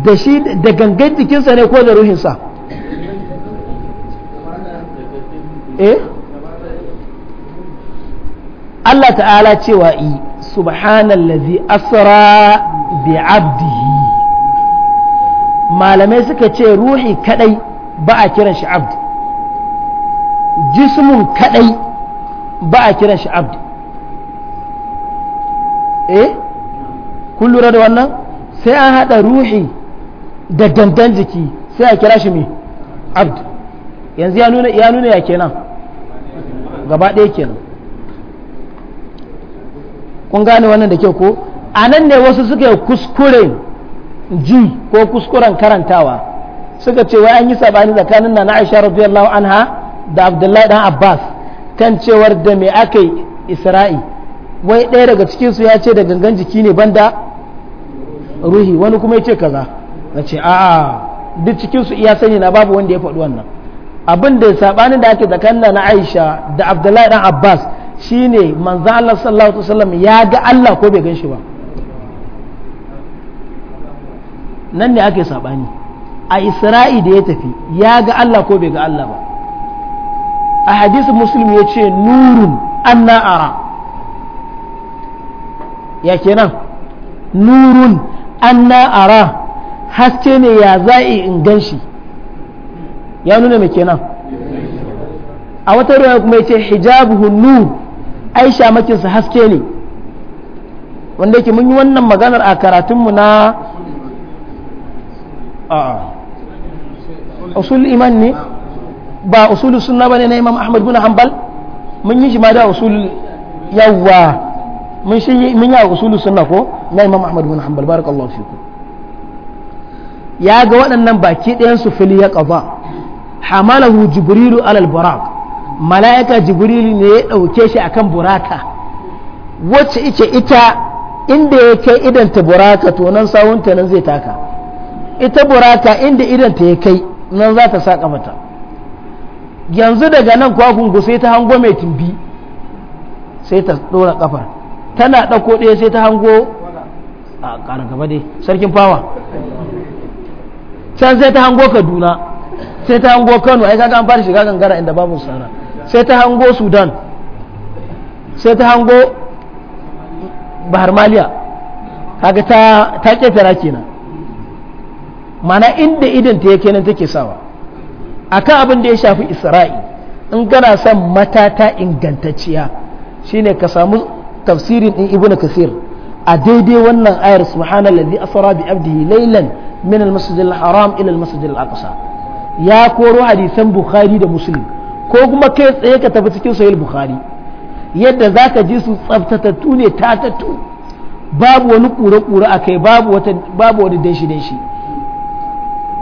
da shi da gangan jikinsa ne ko da ruhinsa eh Allah ta'ala cewa i subhanallazi asra bi abdihi malamai suka ce ruhi kadai ba a kiran shi abd jismun kadai ba a kiran shi abd eh kun lura da wannan sai an hada ruhi da dandan jiki sai a kira shi me abd yanzu ya nuna ya nuna ya kenan gaba ɗaya kenan kun gane wannan da kyau ko a nan ne wasu suka yi kuskuren ji ko kuskuren karantawa suka ce wai an yi sabani tsakanin na Aisha radiyallahu anha da Abdullahi dan Abbas kan cewar da me aka yi Isra'i wai ɗaya daga cikin su ya ce da gangan jiki ne banda ruhi wani kuma ya ce kaza na ce a'a duk cikin su iya sani na babu wanda ya faɗi wannan abin da sabanin da ake tsakanin na Aisha da Abdullahi dan Abbas shine manzo Allah sallallahu alaihi wasallam ya ga Allah ko bai gan shi ba nan ne ake sabani a isra'i da ya tafi ya ga Allah ko bai ga Allah ba a hadisin muslim ya ce nurun an na'ara ya kenan nurun an na'ara haske ne ya za'i in gan shi ya nuna mai kenan a wata ruwa kuma ya ce hijabuhu nur aisha makinsa haske ne wanda yake mun yi wannan maganar a karatunmu na a'a usul iman ني ba usul sunna bane na imam ahmad bin mun yi shi da usul من mun shi mun yi usul sunna ko na imam ahmad bin hanbal barakallahu fiku ya ga waɗannan baki ɗayan su fili ya qada hamalahu jibrilu alal buraq mala'ika jibrilu ne ya ɗauke shi akan buraka wacce ita ita inda ya kai ta buraka to nan sawunta nan zai taka ita buraka inda ta ya kai nan za ta saƙa mata yanzu daga nan kwakungu sai ta hango mai tumbi sai ta ɗora ƙafar tana ɗauko ɗaya sai ta hango a ƙara gaba dai sarkin fawa can sai ta hango kaduna sai ta hango kano ai kaga an fara shiga gangara inda babu sana sai ta hango sudan sai ta hango bahar maliya kaga ta ƙetara kenan mana inda idan ta yake nan take sawa akan abin da ya shafi isra'i in gana son matata ingantacciya shine ka samu tafsirin din ibnu kasir a daidai wannan ayar subhanallazi asra bi abdihi laylan min al-masjid al-haram ila al-masjid al-aqsa ya koro hadisan bukhari da muslim ko kuma kai tsaye ka tafi cikin sahih bukhari yadda zaka ji su tsaftatattu ne tattu babu wani kura-kura a kai babu wani danshi-danshi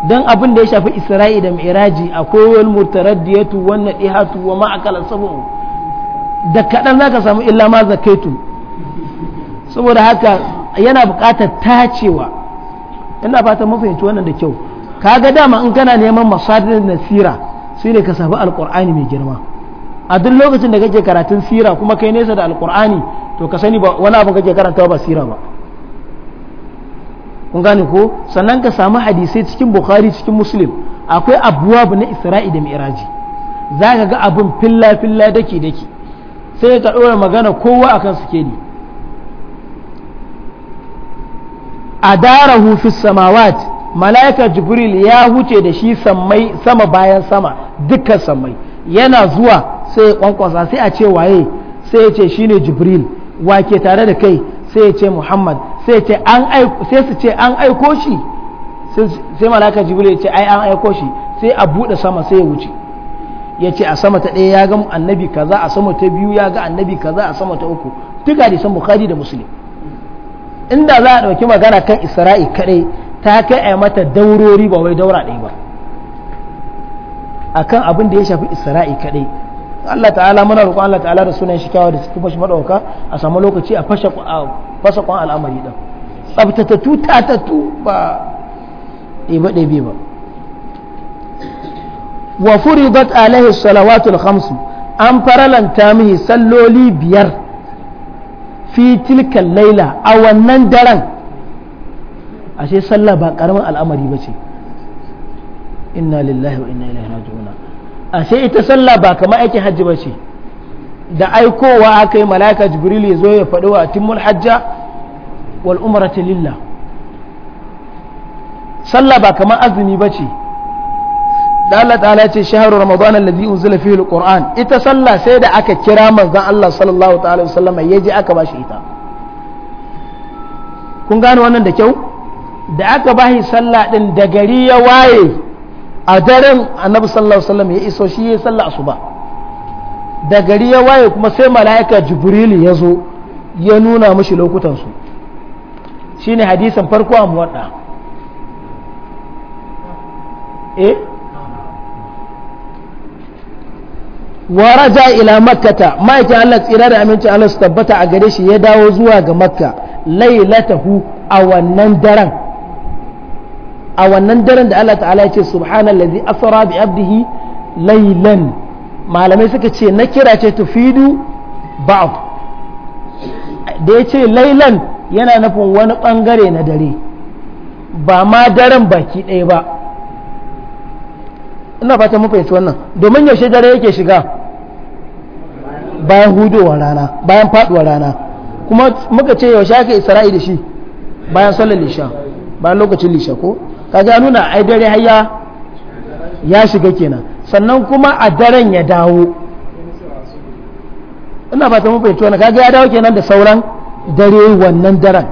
don abin da ya shafi isra'i da miraji akwai wal mutaraddiyatu wan nadihatu wa ma akala sabu da kadan zaka samu illa ma zakaitu saboda haka yana buƙatar tacewa Yana fata mun fahimci wannan da kyau kaga dama in kana neman masadir nasira sai ne ka sabu alqur'ani mai girma a duk lokacin da kake karatun sira kuma kai nesa da alqur'ani to ka sani ba wani abu kake karantawa ba sira ba kun gane ko sannan ka samu hadisai cikin bukhari cikin muslim akwai abuwa na isra'i da mi'raji za ka ga abin filla filla dake dake sai ka ɗora magana kowa akan su ke ne a dara fi samawat mala'ika jibril ya huce da shi sammai sama bayan sama dukkan sammai yana zuwa sai ya kwankwasa sai a ce waye sai ya ce shine jibril wa ke tare da kai sai ya ce muhammad sai su ce an aiko shi sai malaka jibril ya ce ai an aiko shi sai a bude sama sai ya wuce ya ce a sama ta ɗaya ya ga annabi kaza a sama ta biyu ya ga annabi kaza a sama ta uku duk san bukhari da muslim inda za a ɗauki magana kan isra'i kaɗai ta kai a mata daurori ba wai daura ɗaya ba akan abin da ya shafi isra'i kaɗai Allah ta'ala muna roƙon Allah ta'ala da sunan shi kyawa da su kuma shi madauka a samu lokaci a fashe fasa kwan al'amari din tsaftatattu tatattu ba ɗebe ɗebe ba wa furidat alaihi salawatul khams an faralanta mihi salloli biyar fi tilkan laila a wannan daren ashe sallah ba karamin al'amari ba ce inna lillahi wa inna ilaihi raji'un ashe ita sallah ba kamar aikin hajji ba ce da aikowa aka yi mala'ika jibril ya zo ya faɗi wa timmul hajja wal umrata lillah sallah ba kamar azumi ba ce da Allah ta'ala ce shaharu ramadan alladhi unzila fihi alquran ita sallah sai da aka kira manzon Allah sallallahu ta'ala wasallama aka aka bashi ita kun gane wannan da kyau da aka bashi sallah din da gari ya waye a daren annabi sallallahu alaihi wasallam ya iso shi ya sallah asuba da gari ya waye kuma sai mala'ika jibril ya zo ya nuna mashi lokutan su shine hadisin farko a muwadda eh wa raja ila makkata ma'aikin Allah tsira da aminci Allah su tabbata a gare shi ya dawo zuwa ga makka lailatahu a wannan daren a wannan daren da Allah ta'ala ya ce subhanallazi asra bi abdihi laylan malamai suka ce na kira ce tufidu ba'd da ya ce laylan yana nufin wani bangare na dare ba ma daren baki ɗaya ba ina fata mu fahimci wannan domin yaushe dare yake shiga bayan hudowar rana bayan faduwar rana kuma muka ce yaushe aka isra'i da shi bayan sallar lisha bayan lokacin lisha ko kaga nuna ai dare hayya ya shiga kenan sannan kuma a daren ya dawo ina fata mun fahimci wannan kaga ya dawo kenan da sauran dare wannan daren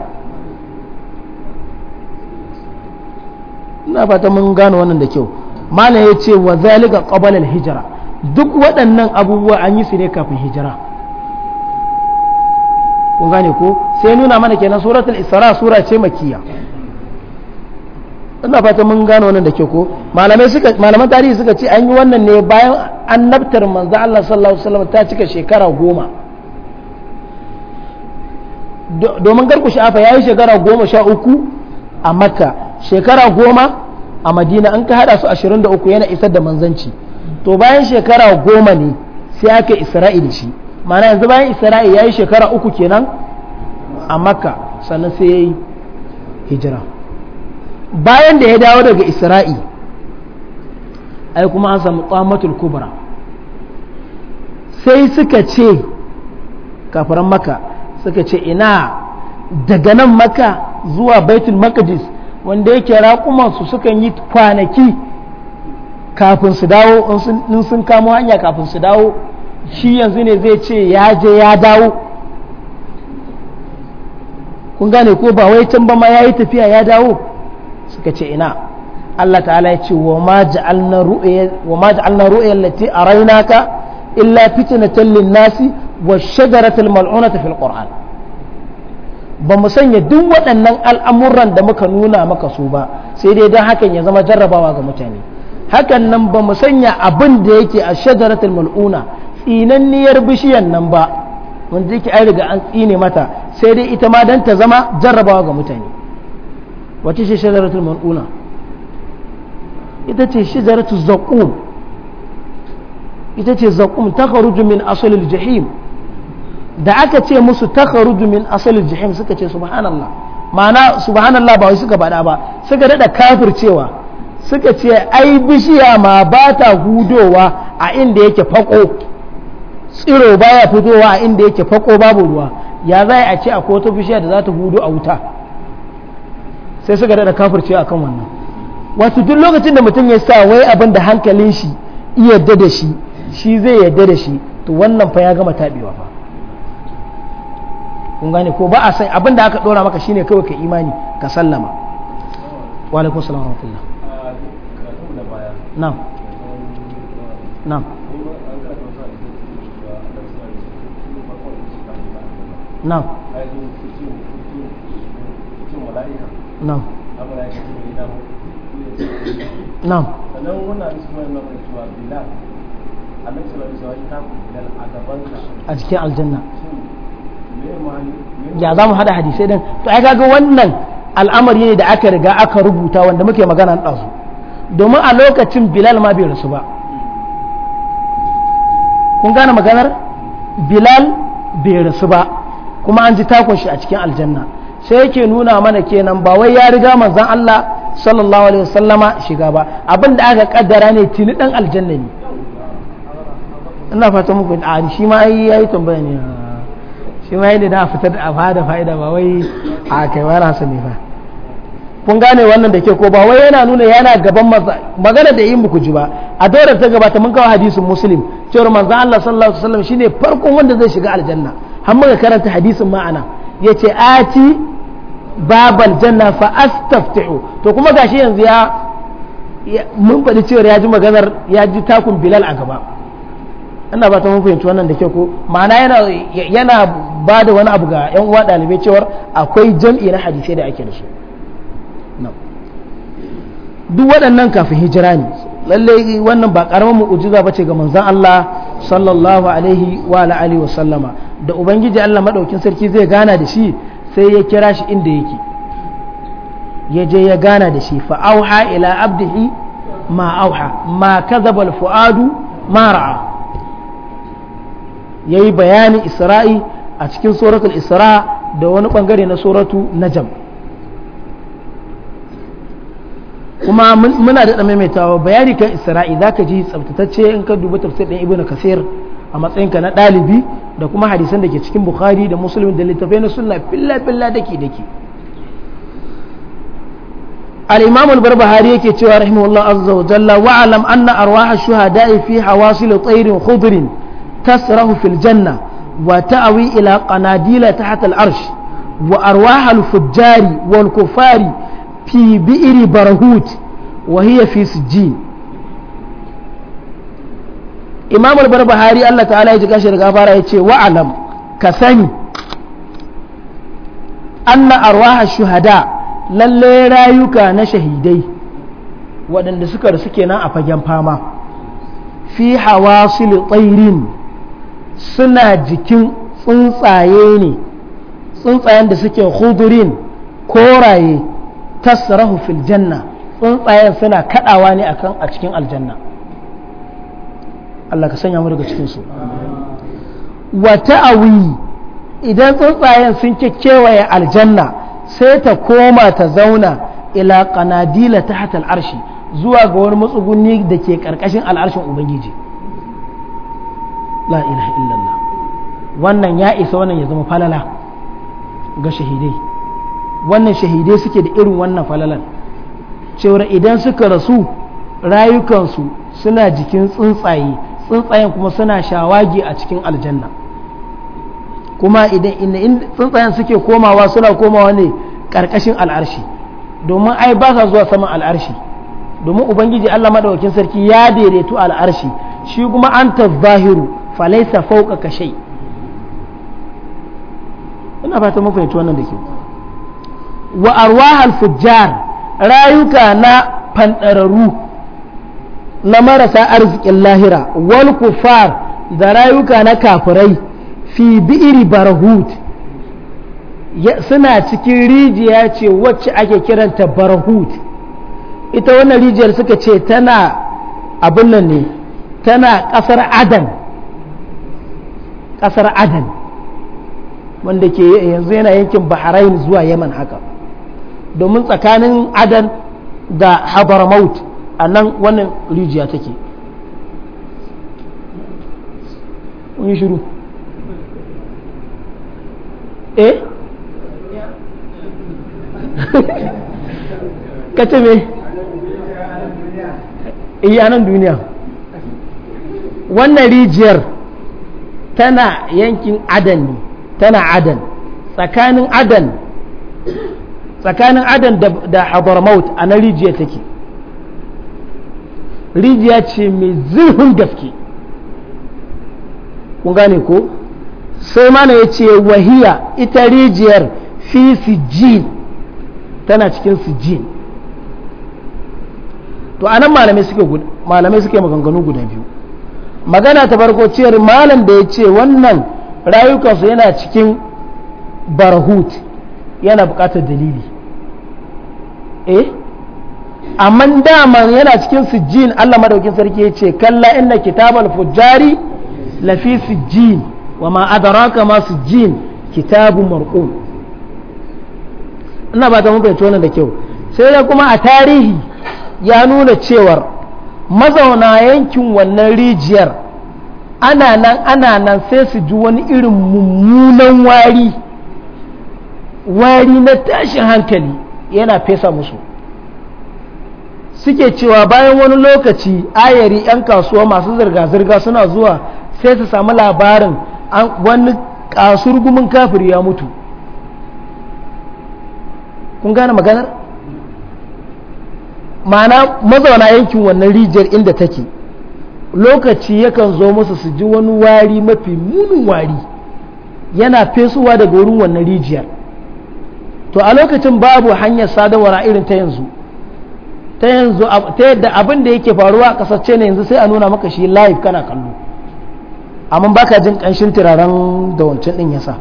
ina fata mun gano wannan da kyau malam ya ce wa zalika qabala al-hijra duk waɗannan abubuwa an yi su ne kafin hijira kun gane ko sai nuna mana kenan suratul isra sura ce makiyya ina fata mun gano wannan da ke ko malamai suka malaman tarihi suka ce an yi wannan ne bayan annabtar manzo Allah sallallahu alaihi wasallam ta cika shekara goma domin garku sha'afa ya yi shekara goma sha uku a makka shekara goma a madina an ka hada su ashirin da uku yana isar da manzanci to bayan shekara goma ne sai aka isra'ili shi ma'ana yanzu bayan isra'ili ya yi shekara uku kenan a makka sannan sai ya yi hijira bayan da ya dawo daga isra'i ai kuma an samu ƙwamatul kubra sai suka ce kafaran maka suka ce ina daga nan maka zuwa baitul maqdis wanda yake raƙumansu sukan yi kwanaki kafin su dawo in sun kamo hanya kafin su dawo shi yanzu ne zai ce ya je ya dawo kun gane ko ba wai can ba ma ya yi tafiya ya dawo suka ce ina Allah ta'ala ya ce wa ma ja'alna ru'ya allati arainaka illa fitnatan lin-nasi wa shajaratal mal'unata fil qur'an ba mu sanya duk waɗannan al'amuran da muka nuna maka su ba sai dai don hakan ya zama jarrabawa ga mutane hakan nan ba mu sanya abin da yake a shajaratul mal'una tsinanniyar bishiyan nan ba wanda yake an riga an tsine mata sai dai ita ma don ta zama jarrabawa ga mutane wata ce shajaratul mal'una ita ce shajaratul zaqum ita ce zaqum takharuju min asalil jahim da aka ce musu takharuju min asalil jahim suka ce subhanallah ma'ana subhanallah ba wai suka bada ba suka dada kafir cewa suka ce ai bishiya ma ba ta hudowa a inda yake fako tsiro baya fitowa a inda yake fako babu ruwa ya zai a ce akwai wata bishiya da za ta hudu a wuta sai suka daɗa kafirce kan wannan wato duk lokacin da mutum ya sa wai abin da hankalin shi yadda da shi shi zai yadda da shi to wannan fa ya gama taɓewa fa kun gane ko ba a sai abin da aka ɗora maka shi ne kawai ka imani ka sallama wa alaikum salam wa rahmatullah na'am na'am na'am na'am na'am sannan wannan suna cewa bilal bilal a gaban a cikin aljanna ya za mu hada hadisai din to ai kaga wannan al'amari ne da aka riga aka rubuta wanda muke magana ɗazu domin a lokacin bilal ma bai rasu ba kun gane maganar bilal bai rasu ba kuma an ji takon shi a cikin aljanna sai yake nuna mana kenan ba wai ya riga manzan Allah sallallahu alaihi wasallama shiga ba abin da aka kaddara ne tuni dan aljanna ne ina fata muku a shi ma yayi tambaya ne shi ma yayi da fitar da fada fa'ida ba wai a kai wani sani ba kun gane wannan da ke ko ba wai yana nuna yana gaban magana da yin muku ji ba a daular ta gabata mun kawo hadisin muslim cewar manzan Allah sallallahu alaihi wasallam shine farkon wanda zai shiga aljanna har muka karanta hadisin ma'ana yace ati babal janna fa astaftihu to kuma gashi yanzu ya mun faɗi cewa ya ji maganar ya ji takun bilal a gaba ina ba ta mun fahimci wannan da ke ko ma'ana yana yana ba da wani abu ga yan uwa ɗalibai cewa akwai jam'i na hadisai da ake da shi duk waɗannan kafin hijira ne lalle wannan ba ƙaramin mu'ujiza ba ce ga manzon Allah sallallahu alaihi wa alihi wa sallama da ubangiji Allah maɗaukin sarki zai gana da shi sai ya kira shi inda yake ya je ya gana da shi fa auha ila abdihi ma auha ma kazabal fu'adu mara'a ya yi bayani isra'i a cikin suratul isra da wani bangare na suratu najm kuma muna da maimaitawa bayani kan isra'i ka ji tsabtatacce in ka duba tafsir ɗin ibnu kasir a matsayinka na ɗalibi da kuma hadisan da ke cikin bukhari da muslim da littafai na suna filla filla dake dake al barbahari yake cewa rahimahullah azza wa jalla wa alam anna arwaha shuhada'i fi da tayrin khudrin tasrahu fil janna wa ta'wi ila qanadila ta al-arsh wa arwaha al-fujjari wal kufari fi bi'ri barhut wa hiya fi sijjin imam al-barbahari Allah ta'ala ya ji gashi da gafara ya ce wa'alam ka sani anna arwaha shuhada lalle rayuka na shahidai waɗanda suka rasu kenan a fagen fama fi hawasil tsairin suna jikin tsuntsaye ne tsuntsayen da suke hudurin koraye tasrahu fil janna tsuntsayen suna kadawa ne akan a cikin aljanna Allah ka sanya mu daga cikin su wa ta'awi idan tsuntsayen sun kewaye aljanna sai ta koma ta zauna ila qanadila tahta al'arshi zuwa ga wani matsuguni da ke karkashin al'arshin ubangiji la ilaha illallah wannan ya isa wannan ya zama falala ga shahidai wannan shahidai suke da irin wannan falalan cewa idan suka rasu rayukansu suna jikin tsuntsaye tsuntsayen kuma suna shawagi a cikin aljanna kuma idan tsuntsayen suke komawa suna komawa ne karkashin al'arshi domin ai ba sa zuwa saman al'arshi domin ubangiji allah maɗaukin sarki ya daidaitu al'arshi shi kuma an ta zahiru falaisa fauka kashai ina fata mun fahimci wannan da ke wa arwahal fujjar rayuka na fanɗararru na marasa arzikin lahira wal kufar da rayuka na kafirai fi bi'iri barhut suna cikin rijiya ce wacce ake kiranta barhut ita wannan rijiyar suka ce tana abin nan ne tana ƙasar adan ƙasar adan wanda ke yanzu yana yankin bahrain zuwa yaman haka domin tsakanin adan da habarmaut a nan wannan rijiya take yi shiru eh ka ce me iya eh, nan duniya wannan rijiyar tana yankin adan ne tana adan tsakanin adan tsakanin adan da maut a na rijiyar take rijiya ce mai zurfin gaske kun gane ko sai mana ya ce wahiya ita rijiyar fi sijin tana cikin sijin to anan malamai suke malamai maganganu guda biyu magana ta farko malam da ya ce wannan rayukansu yana cikin barahut yana bukatar dalili eh amma dama yana cikin sijjin Allah madaukin sarki ya ce kalla inna kitabal fujari lafi sijjin wa ma adraka ma sijjin kitabun marqum ina ba ta mun fahimci wannan da kyau sai dai kuma a tarihi ya nuna cewar mazauna yankin wannan rijiyar ana nan ana nan sai su ji wani irin mummunan wari wari na tashin hankali yana fesa musu suke cewa bayan wani lokaci ayari 'yan kasuwa masu zirga-zirga suna zuwa sai su sami labarin wani gumin kafir ya mutu kun gane maganar ma'ana mazauna yankin wannan rijiyar inda take lokaci yakan zo musu su ji wani wari mafi munin wari yana fesuwa daga wurin wannan rijiyar to a lokacin babu hanyar sadarwa irin ta yanzu ta yanzu ta yadda abin da yake faruwa a kasance ne yanzu sai a nuna maka shi live kana kallo amma baka jin kanshin turaren da wancan din yasa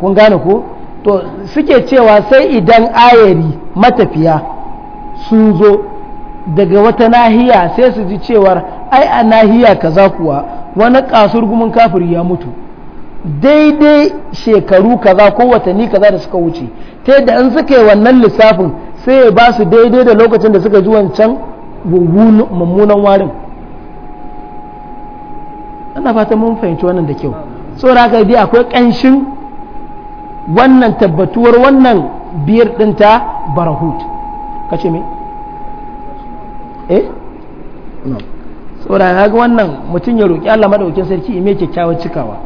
kun gane ko to suke cewa sai idan ayari matafiya sun zo daga wata nahiya sai su ji cewar ai a nahiya kaza kuwa wani kasurgumin kafiri ya mutu daidai shekaru kaza ko watanni kaza da suka wuce ta yadda in suka yi wannan lissafin sai ya ba su daidai da lokacin da suka ji wancan mummunan warin ana fatan mun fahimci wannan da kyau saboda haka biya akwai ƙanshin wannan tabbatuwar wannan biyar ɗinta barahut ka ce me eh no saboda ya ga wannan mutum ya roƙi Allah maɗaukin sarki ime kyakkyawar cikawa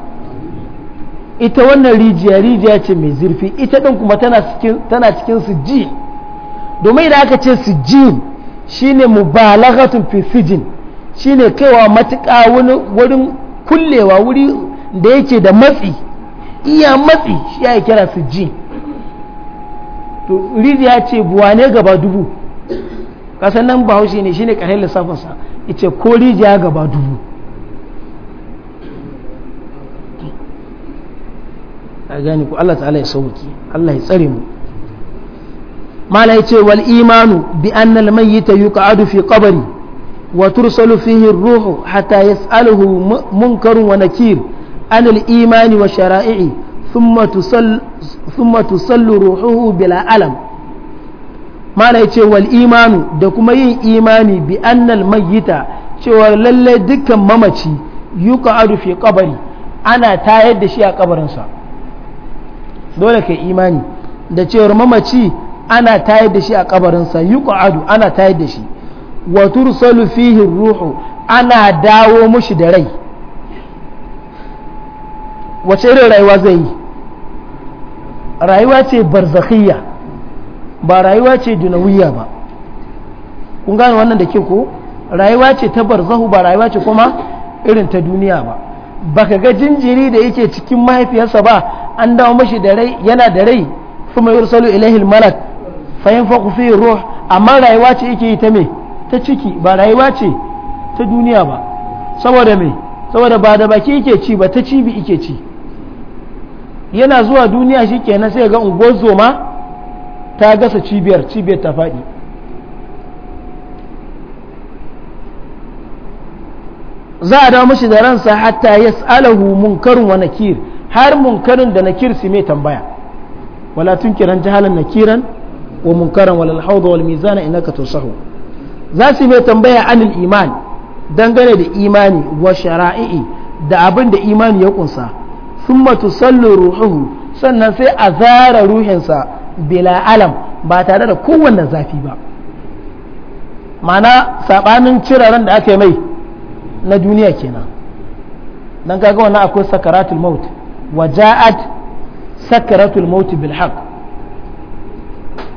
ita wannan rijiya rijiya ce mai zurfi ita ɗin kuma tana cikin su ji domin idan aka ce sijin shine mubalaghatun fi sijin shine kaiwa matuƙa wani wurin kullewa wuri da yake da matsi iya matsi shi ya kira sijin to rizi ya ce buwane gaba dubu kasan nan bahaushe ne shine ƙarshen lissafinsa ita ko ya gaba dubu a gani ku Allah ta'ala ya sauki Allah ya tsare mu mala ce wal imanu bi anna al mayyita yuq'adu fi qabri wa tursalu fihi ar hatta yas'aluhu munkarun wa nakir an al imani wa shara'i'i thumma tusall thumma tusallu ruhuhu bila alam mala ce wal imanu da kuma yin imani bi anna al mayyita cewa lalle dukkan mamaci yuq'adu fi qabri ana tayar da shi a kabarinsa dole kai imani da cewar mamaci ana tayar da shi a kabarinsa yuqadu ana tayar da shi wa tursalu fihi ruhu ana dawo mushi da rai wace irin rayuwa zai yi rayuwa ce barzakhiyya ba rayuwa ce dunawiyya ba kun gane wannan da ke ko rayuwa ce ta barzahu ba rayuwa ce kuma irin ta duniya ba baka ga jinjiri da yake cikin mahaifiyarsa ba an dawo mashi da rai yana da rai kuma yursalu ilaihil malak fayin faku fi ruh amma rayuwa ce yake yi ta me ta ciki ba rayuwa ce ta duniya ba saboda me saboda ba da baki yake ci ba ta cibi yake ci yana zuwa duniya shi ke sai ga unguwar zoma ta gasa cibiyar cibiyar ta faɗi za a dawo mashi da ransa hatta ya tsalahu munkarin wa nakir har munkarin da nakir su mai tambaya wala tun kiran jahalan nakiran wa munkaran wal hawd wal mizan innaka tusahu za su mai tambaya anil iman dangane da imani wa shara'i da abin da imani ya kunsa thumma tusallu ruhuhu sannan sai a zara ruhinsa bila alam ba tare da kowanne zafi ba Ma'ana sabanin ciraren da aka mai na duniya kenan dan kaga wannan akwai sakaratul maut wa ja'at sakaratul maut bil haqq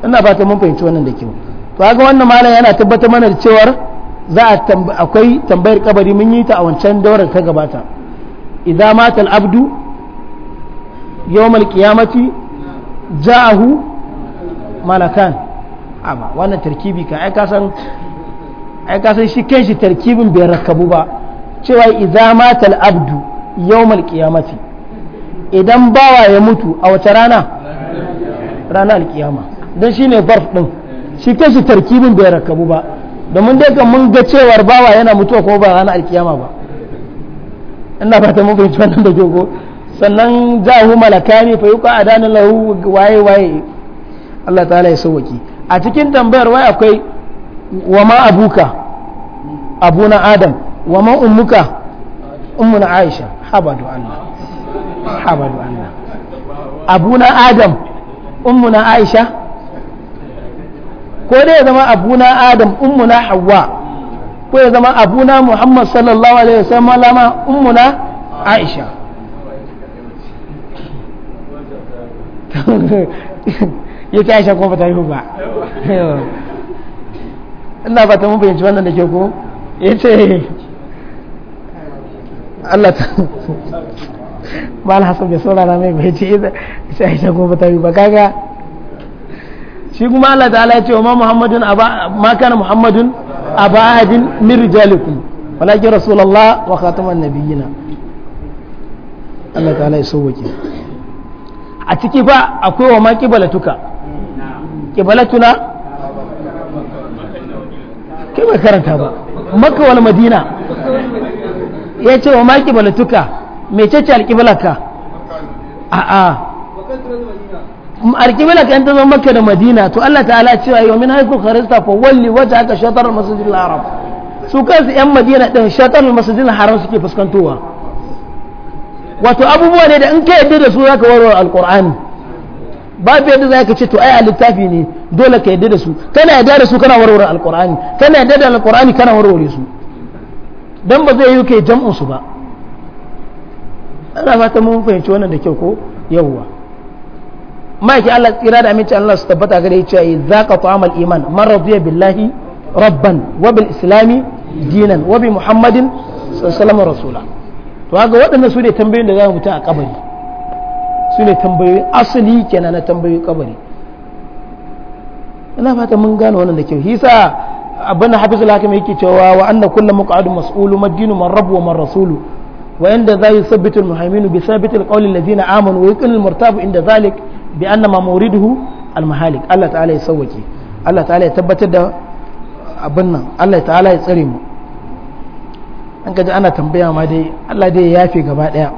ina fata mun fahimci wannan da kyau to ga wannan malam yana tabbatar mana da cewar za a akwai tambayar kabari mun yi ta a wancan daurar ta gabata idan matal abdu yawmal qiyamati ja'ahu malakan amma wannan tarkibi kan ai ka san ai ka san shi kanshi tarkibin bai rakabu ba cewa idan matal abdu yawmal qiyamati idan bawa ya mutu a wace rana ranar alkiyama don shi ne barf ɗin shi shi tarkibin bai rakabu ba domin dai kan mun ga cewar bawa yana mutuwa ko ba ranar alkiyama ba ina fata mun fahimci wannan da jogo sannan malaka ne fa yuqa adana lahu waye waye Allah ta'ala ya sauwaki a cikin tambayar wai akwai wa ma abuka abuna adam wa ma ummuka ummuna aisha habadu Allah habadu Allah abuna adam ummuna aisha ko dai ya zama abuna adam ummuna hawa ko ya zama abuna muhammad sallallahu alaihi wasallam malama ummuna aisha ya ce aisha kuma ba ta yi ba ina ba ta mun fahimci wannan da ke ko ya ce Allah ta ba alhassan bai saurara mai bai ce aisha kuma ba ta yi ba kaga shi kuma Allah ta'ala ya ce ma muhammadun ma kana muhammadun abadin min rijalikum walakin rasulullah wa khataman nabiyina Allah ta'ala ya sauwake a ciki fa akwai wa ma kibalatuka kibalatuna kai bai karanta ba makka wal madina ya ce wa ma kibalatuka mecece alkibalaka a'a alƙibla kan ta zama makka da madina to Allah ta'ala cewa yau min haiku kharista fa walli wata aka shatar masajin haram su kansu yan madina din shatar masajin haram suke fuskantowa wato abubuwa ne da in ka yadda da su zaka warware alqur'ani babu yadda za ka ce to ai a littafi ne dole ka yadda da su kana yadda da su kana warware alqur'ani kana yadda da alqur'ani kana warware su dan ba zai yi kai jam'un su ba ana fata mun fahimci wannan da kyau ko yawwa ma'aiki Allah tsira da aminci Allah su tabbata gare ya yi za ka ta'amal iman man radiya billahi rabban wa bil islami dinan wa bi muhammadin sallallahu rasula to ga waɗannan su ne tambayoyin da za mu ta a kabari su ne tambayoyi asali kenan na tambayoyi kabari ina fata mun gane wannan da kyau hisa abin da hafizu lakim yake cewa wa anna kullu muqadu mas'ulu madinu man rabbu wa man rasulu wa inda za yuthabbitu al-muhaiminu bi thabiti al-qawli alladhina amanu wa yuqinu al-murtabu inda dhalik bi anna ma muriduhu almahalik Allah ta'ala ya sauwake Allah ta'ala ya tabbatar da abin nan Allah ta'ala ya tsare mu an kaji ana tambaya ma dai Allah dai ya yafe gaba daya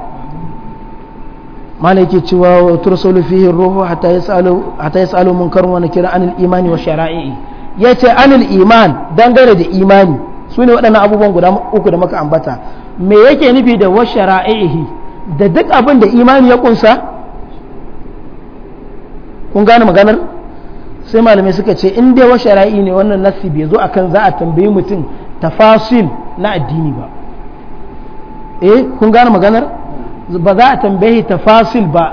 malai cewa wa tursalu fihi ruhu hatta yasalu hatta yasalu munkar wa nakira anil imani wa shara'i yace anil iman dangane da imani sune waɗannan abubuwan guda uku da muka ambata me yake nufi da wa shara'ihi da duk abin da imani ya kunsa kun gane maganar sai malamai suka ce in dai wa shari'i ne wannan nassi bai zo akan za a tambayi mutum tafasil na addini ba eh kun gane maganar ba za a tambayi tafasil ba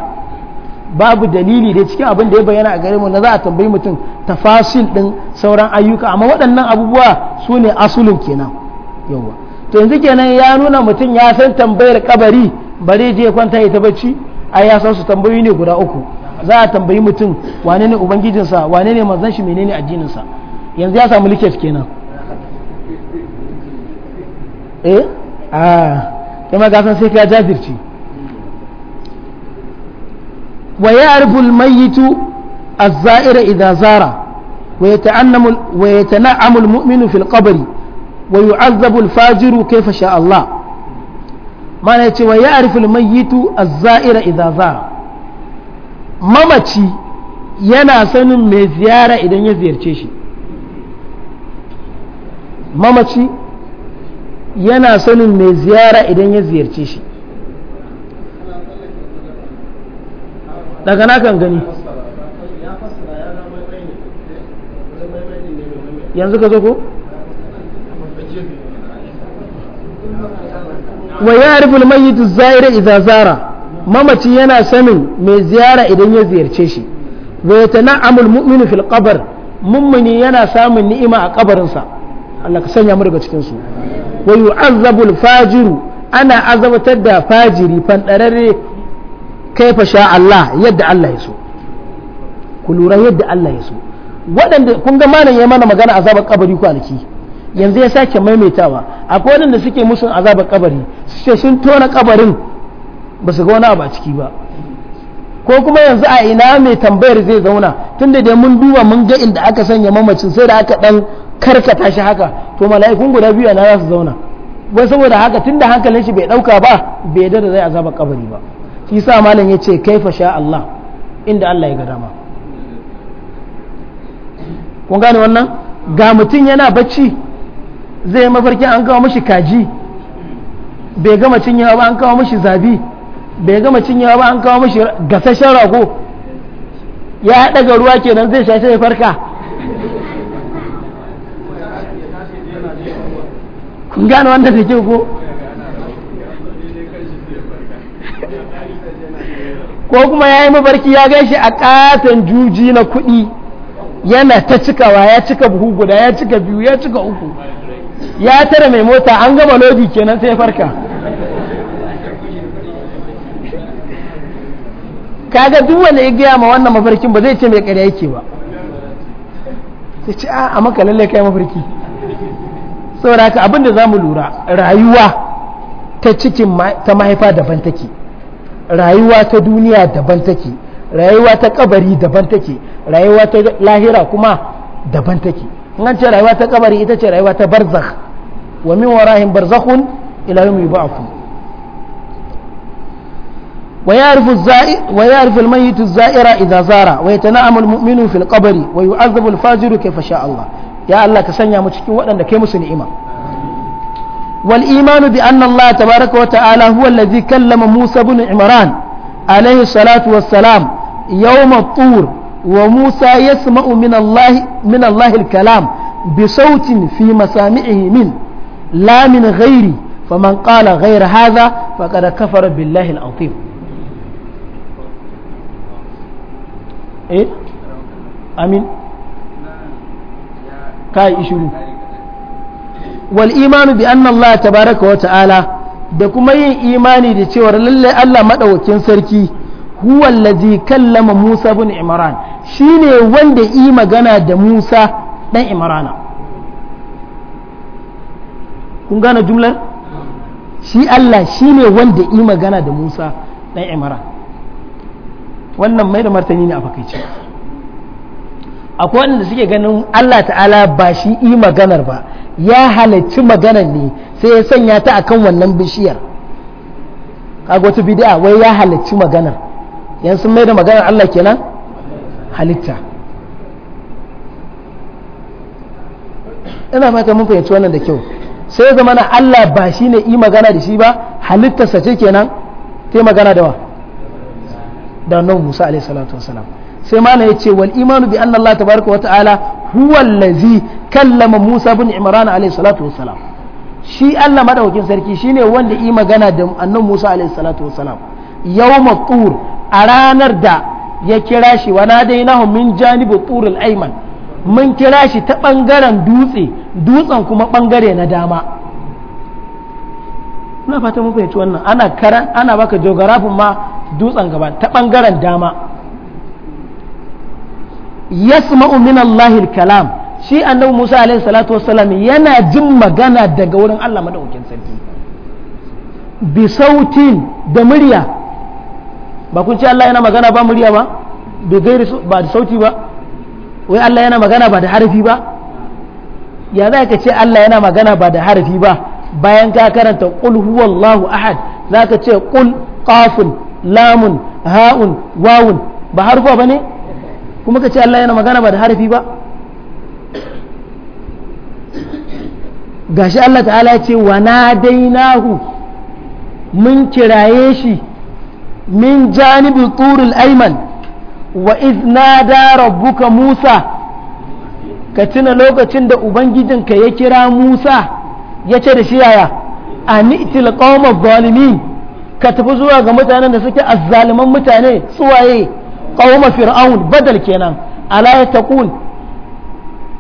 babu dalili da cikin abin da ya bayyana a gare mu na za a tambayi mutum tafasil din sauran ayyuka amma waɗannan abubuwa su ne asulin kenan yawa to yanzu kenan ya nuna mutum ya san tambayar kabari bare je kwanta ya ta bacci ai ya san su tambayoyi ne guda uku za a tambayi mutum wane ne ubangijinsa wane ne manzon shi menene addininsa yanzu ya samu likef kenan eh a ah. kai ma gasan sai ka jajirce wa ya'rifu al-mayyitu az-za'ira idha zara wa yata'annamu wa yatana'amu al-mu'minu fil qabri wa yu'azzabu al-fajiru kayfa sha'a Allah mana yace wa ya'rifu al-mayyitu az-za'ira idha zara mamaci yana sanin mai ziyara idan ya ziyarce shi mamaci yana sanin mai ziyara idan ya ziyarce shi daga na kan gani yanzu ka zo ko? wa ya rufe mayyitu yi zahira idan zara mamaci yana sanin mai ziyara idan ya ziyarce shi wa amul mu'minu fil qabr mummuni yana samun ni'ima a kabarinsa Allah ka sanya mu daga cikin su wa yu'azzabul fajiru ana azabatar da fajiri fandararre kaifa sha Allah yadda Allah ya so ku lura yadda Allah ya so waɗanda kun ga malam ya mana magana azabar kabari kwanaki yanzu ya sake maimaitawa akwai waɗanda suke musun azabar kabari suke sun tona kabarin ba su ga wani abu a ciki ba ko kuma yanzu a ina mai tambayar zai zauna tunda dai mun duba mun ga inda aka sanya mamacin sai da aka dan karkata shi haka to mala'ikun guda biyu na za su zauna wai saboda haka tun tunda hankalin shi bai dauka ba bai yarda zai azaba kabari ba shi sa malam ya ce kaifa sha Allah inda Allah ya ga dama kun gane wannan ga mutum yana bacci zai mafarkin an kawo mashi kaji bai gama cinyewa ba an kawo mashi zabi bai gama cinyewa ba an kawo mashi gasashen rago ya haɗa ga ruwa kenan zai sha farka kun gane wanda ta ke ko ko kuma ya yi mabarki ya gaishe a katon juji na kuɗi yana ta cikawa ya cika buhu guda ya cika biyu ya cika uku ya tara mai mota an gama lodi kenan sai farka kaga duk wanda ya gaya ma wannan mafarkin ba zai ce mai ƙarya yake ba sai ce a maka lalle kai mafarki saboda haka abin za mu lura rayuwa ta cikin ta mahaifa daban take rayuwa ta duniya daban take rayuwa ta kabari daban take rayuwa ta lahira kuma daban take nan ce rayuwa ta kabari ita ce rayuwa ta barzakh wa min warahin barzakhun ila yawmi ba'akum ويعرف الزائر ويعرف الميت الزائر إذا زار ويتنعم المؤمن في القبر ويعذب الفاجر كيف شاء الله يا الله كسنيا متشكين وأنا كيمس نعمة والإيمان بأن الله تبارك وتعالى هو الذي كلم موسى بن عمران عليه الصلاة والسلام يوم الطور وموسى يسمع من الله من الله الكلام بصوت في مسامعه من لا من غيره فمن قال غير هذا فقد كفر بالله العظيم eh amin kai ishuru wal imanu bi anna Allah tabaraka wa ta'ala da kuma yin imani da cewa lalle Allah madaukakin sarki huwa allazi kallama Musa ibn Imran shine wanda yi magana da Musa dan Imrana kun gane jumlar shi Allah shine wanda yi magana da Musa dan Imran wannan mai da martani ne a fakaice akwai waɗanda suke ganin Allah ta'ala ba shi yi maganar ba ya halarci maganar ne sai ya sanya ta akan wannan bishiyar kaga wata bid'a wai ya halarci maganar yan sun mai da maganar Allah kenan halitta ina fata mun fahimci wannan da kyau sai zama na Allah ba shi ne yi magana da shi ba halittarsa ce kenan ta magana da wa da annabi Musa alaihi salatu wasalam sai malam yace wal imanu bi anna Allah tabaraka wa ta'ala huwa allazi kallama Musa ibn Imran alaihi salatu wasalam shi Allah madaukakin sarki shine wanda yi magana da annabi Musa alaihi salatu wasalam yawma tur a ranar da ya kira shi wa nadainahu min janibu turul ayman mun kira shi ta bangaren dutse dutsen kuma bangare na dama ina fata mun fahimci wannan ana karan ana baka geographin ma dutsen gaba ta ɓangaren dama yasma'u min Allahil kalam shi annabi Musa alaihi salatu wassalam yana jin magana daga wurin Allah madaukakin sarki bi sautin da murya ba kun ce Allah yana magana ba murya ba bi gairi ba da sauti ba wai Allah yana magana ba da harafi ba ya za ka ce Allah yana magana ba da harafi ba bayan ka karanta qul huwallahu ahad za ka ce qul qafun lamun ha'un wawun ba harfa ba ne kuma ka ce Allah yana magana ba da harfi ba gashi Allah ta'ala ya ce wa nadainahu mun kiraye shi min janibi turul aiman wa iznada rabbuka musa ka tuna lokacin da ubangijinka ya kira musa ya ce da shi yaya a ni'til qawma zalimin ka tafi zuwa ga mutanen da suke azzaliman mutane tsuwaye qauma fir'aun badal kenan ala yataqul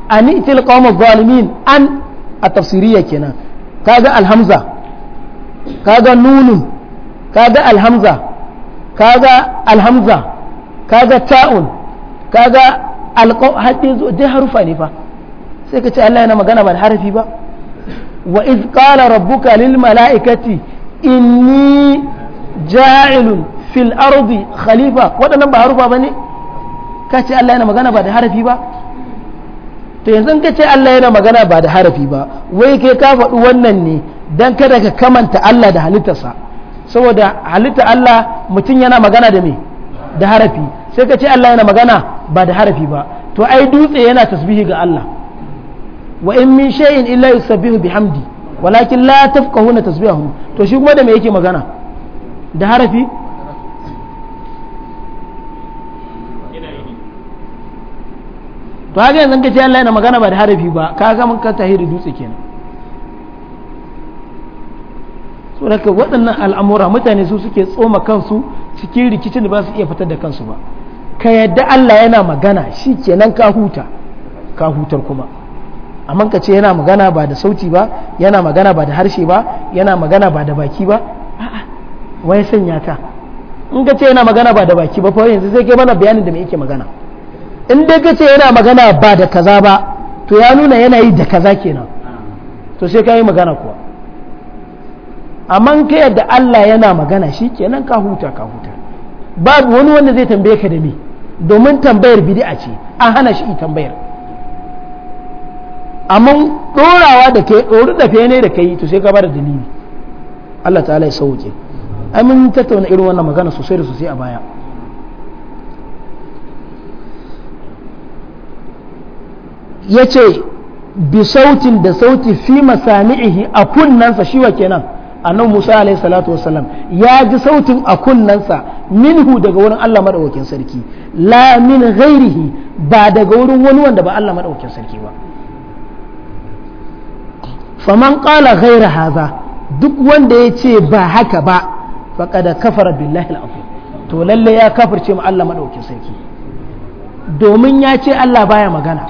an itil qauma zalimin an a tafsiriya kenan kaga alhamza kaga nunun kaga alhamza kaga alhamza kaga ta'un kaga alqaw hadin zo dai harufa ne fa sai ka ce Allah yana magana ba da harafi ba wa iz qala rabbuka lil mala'ikati inni ja'ilun fil ardi khalifa waɗannan ba harufa bane ka ce Allah yana magana ba da harafi ba to yanzu ka ce Allah yana magana ba da harafi ba wai kai ka faɗi wannan ne dan kada ka kamanta Allah da halittarsa saboda halitta Allah mutum yana magana da me da harafi sai ka ce Allah yana magana ba da harafi ba to ai dutse yana tasbihi ga Allah wa in min shay'in illa yusabbihu bihamdi walakin la tafqahuna tasbihahum to shi kuma da me yake magana da harafi to haka yanzu ka ce Allah yana magana ba da harafi ba ka ga mun ka tahiri dutse kenan so daga waɗannan al'amura mutane su suke tsoma kansu cikin rikicin da ba su iya fitar da kansu ba ka yadda Allah yana magana shi kenan ka huta ka hutar kuma amma ka ce yana magana ba da sauti ba yana magana ba da harshe ba yana magana ba da baki ba a'a wai sanya ta in ka ce yana magana ba da baki ba fa yanzu sai kai mana bayanin da me yake magana in dai ka ce yana magana ba da kaza ba to ya nuna yana yi da kaza kenan to sai ka yi magana kuwa amma in ka yadda Allah yana magana shi kenan ka huta ka huta babu wani wanda zai tambaye ka da me domin tambayar bid'a ce an hana shi tambayar amma dorawa da kai dori da fene da kai to sai ka bada dalili Allah ta'ala ya sauke amin tattauna irin wannan magana sosai da sosai a baya yace bi sautin da sauti fi masani'ihi a kunnansa shi wa kenan annabi Musa alaihi salatu wassalam ya ji sautin a kunnansa minhu daga wurin Allah madaukakin sarki la min ghairihi ba daga wurin wani wanda ba Allah madaukakin sarki ba faman qala ghaira haza duk wanda ya ce ba haka ba faqad kafara billahi al-azim to lalle ya kafirce mu Allah madaukin sarki domin ya ce Allah baya magana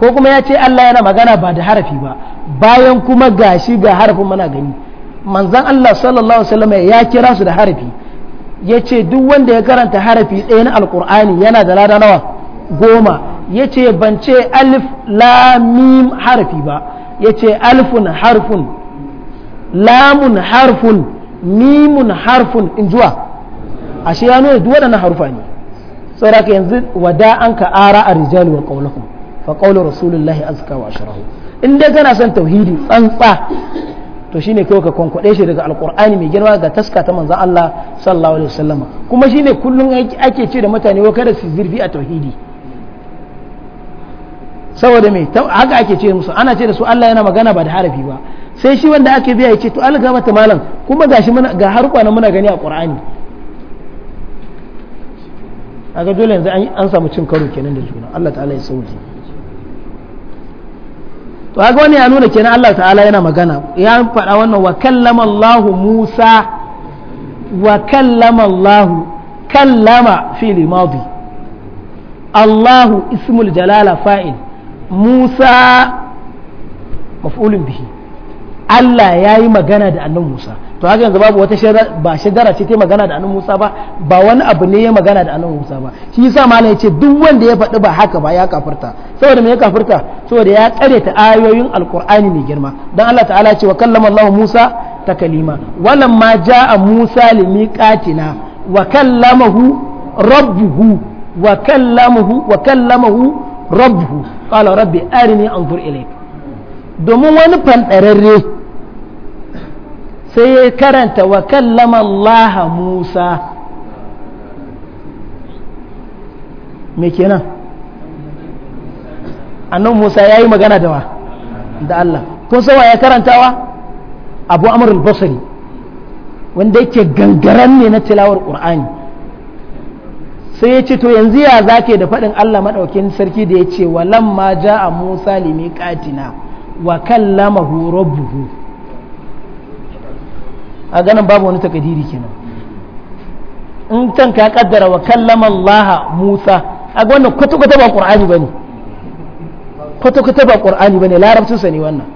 ko kuma ya ce Allah yana magana ba da harafi ba bayan kuma gashi ga harafin mana gani manzan Allah sallallahu alaihi ya kira su da harafi ya ce duk wanda ya karanta harafi ɗaya na alkur'ani yana da lada nawa goma ya ce ban ce alif lamim harafi ba ya ce alfun harfun lamun harfun mimun harfun in juwa ashe ya nuna duk waɗannan harufa ne saboda yanzu wada an ka ara a rijali wa qaulakum fa qawlu rasulullahi azka wa ashrahu in dai kana son tauhidi tsantsa to shine kawai ka kwankwade shi daga alkur'ani mai girma ga taska ta manzon Allah sallallahu alaihi wasallam kuma shine kullun ake ce da mutane wa kada su zirfi a tauhidi saboda me haka ake ce musu ana ce da su Allah yana magana ba da harafi ba sai shi wanda ake biya ya ce to Allah ga mata malam kuma gashi muna ga harkwa na muna gani a Qur'ani aga dole yanzu an samu cin karo kenan da juna Allah ta'ala ya sauke to haka wani ya nuna kenan Allah ta'ala yana magana ya faɗa wannan wa kallama Allah Musa wa kallama Allah kallama fil madi Allah ismul jalala fa'il Musa maf'ulun bihi Allah ya yi magana da annan Musa to haka yanzu babu wata ba shadara ce ta magana da annan Musa ba ba wani abu ne ya magana da annan Musa ba shi yasa ya ce duk wanda ya faɗi ba haka ba ya kafirta saboda me ya kafirta saboda ya tsare ta ayoyin alqur'ani mai girma dan Allah ta'ala ce wa kallama Allah Musa takalima ja a Musa katina wa kallamahu rabbuhu wa kallamahu wa kallamahu rabbuhu qala rabbi arini anzur ilayk domin wani fandararre sai ya karanta wa kallama Allah Musa me kenan annan Musa ya yi magana da wa da Allah kun sawa ya karantawa abu amur basri wanda yake gangaran ne na tilawar ƙur'ani sai ya ce to yanzu ya zake da faɗin Allah maɗaukin sarki da ya ce wa lamma ja a Musa limi katina wa kallamahu rabbuhu a ganin babu wani takadiri kenan in can ka kaddara wa kallama Allah Musa a wannan kwata-kwata ba Qur'ani bane kwata-kwata ba Qur'ani bane larabcin sa ne wannan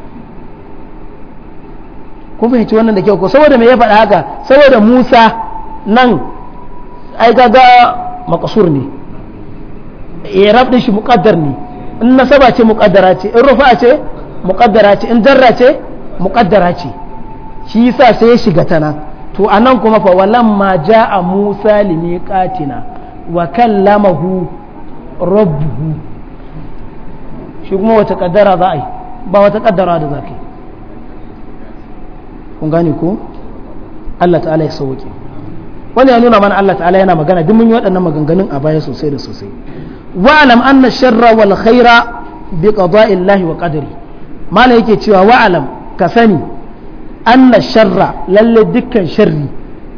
kun fahimci wannan da kyau ko saboda me ya faɗa haka saboda Musa nan ai ga maqsur ne i'rab din shi muqaddar ne in nasaba ce muqaddara ce in rufa ce muqaddara ce in jarra ce muqaddara ce shi yasa sai ya shiga tana nan to anan kuma fa walam walamma jaa musa limiqatina wa kallamahu rabbuhu shi kuma wata kaddara za a yi ba wata kaddara da za ka yi kun gane ko Allah ta'ala ya sauke wani ya nuna mana Allah ta'ala yana magana duk mun yi waɗannan maganganun a baya sosai da sosai wa'alam anna sharra wal khaira bi qada'illahi wa qadari mala yake cewa wa'alam ka sani anna sharra lalle dukkan sharri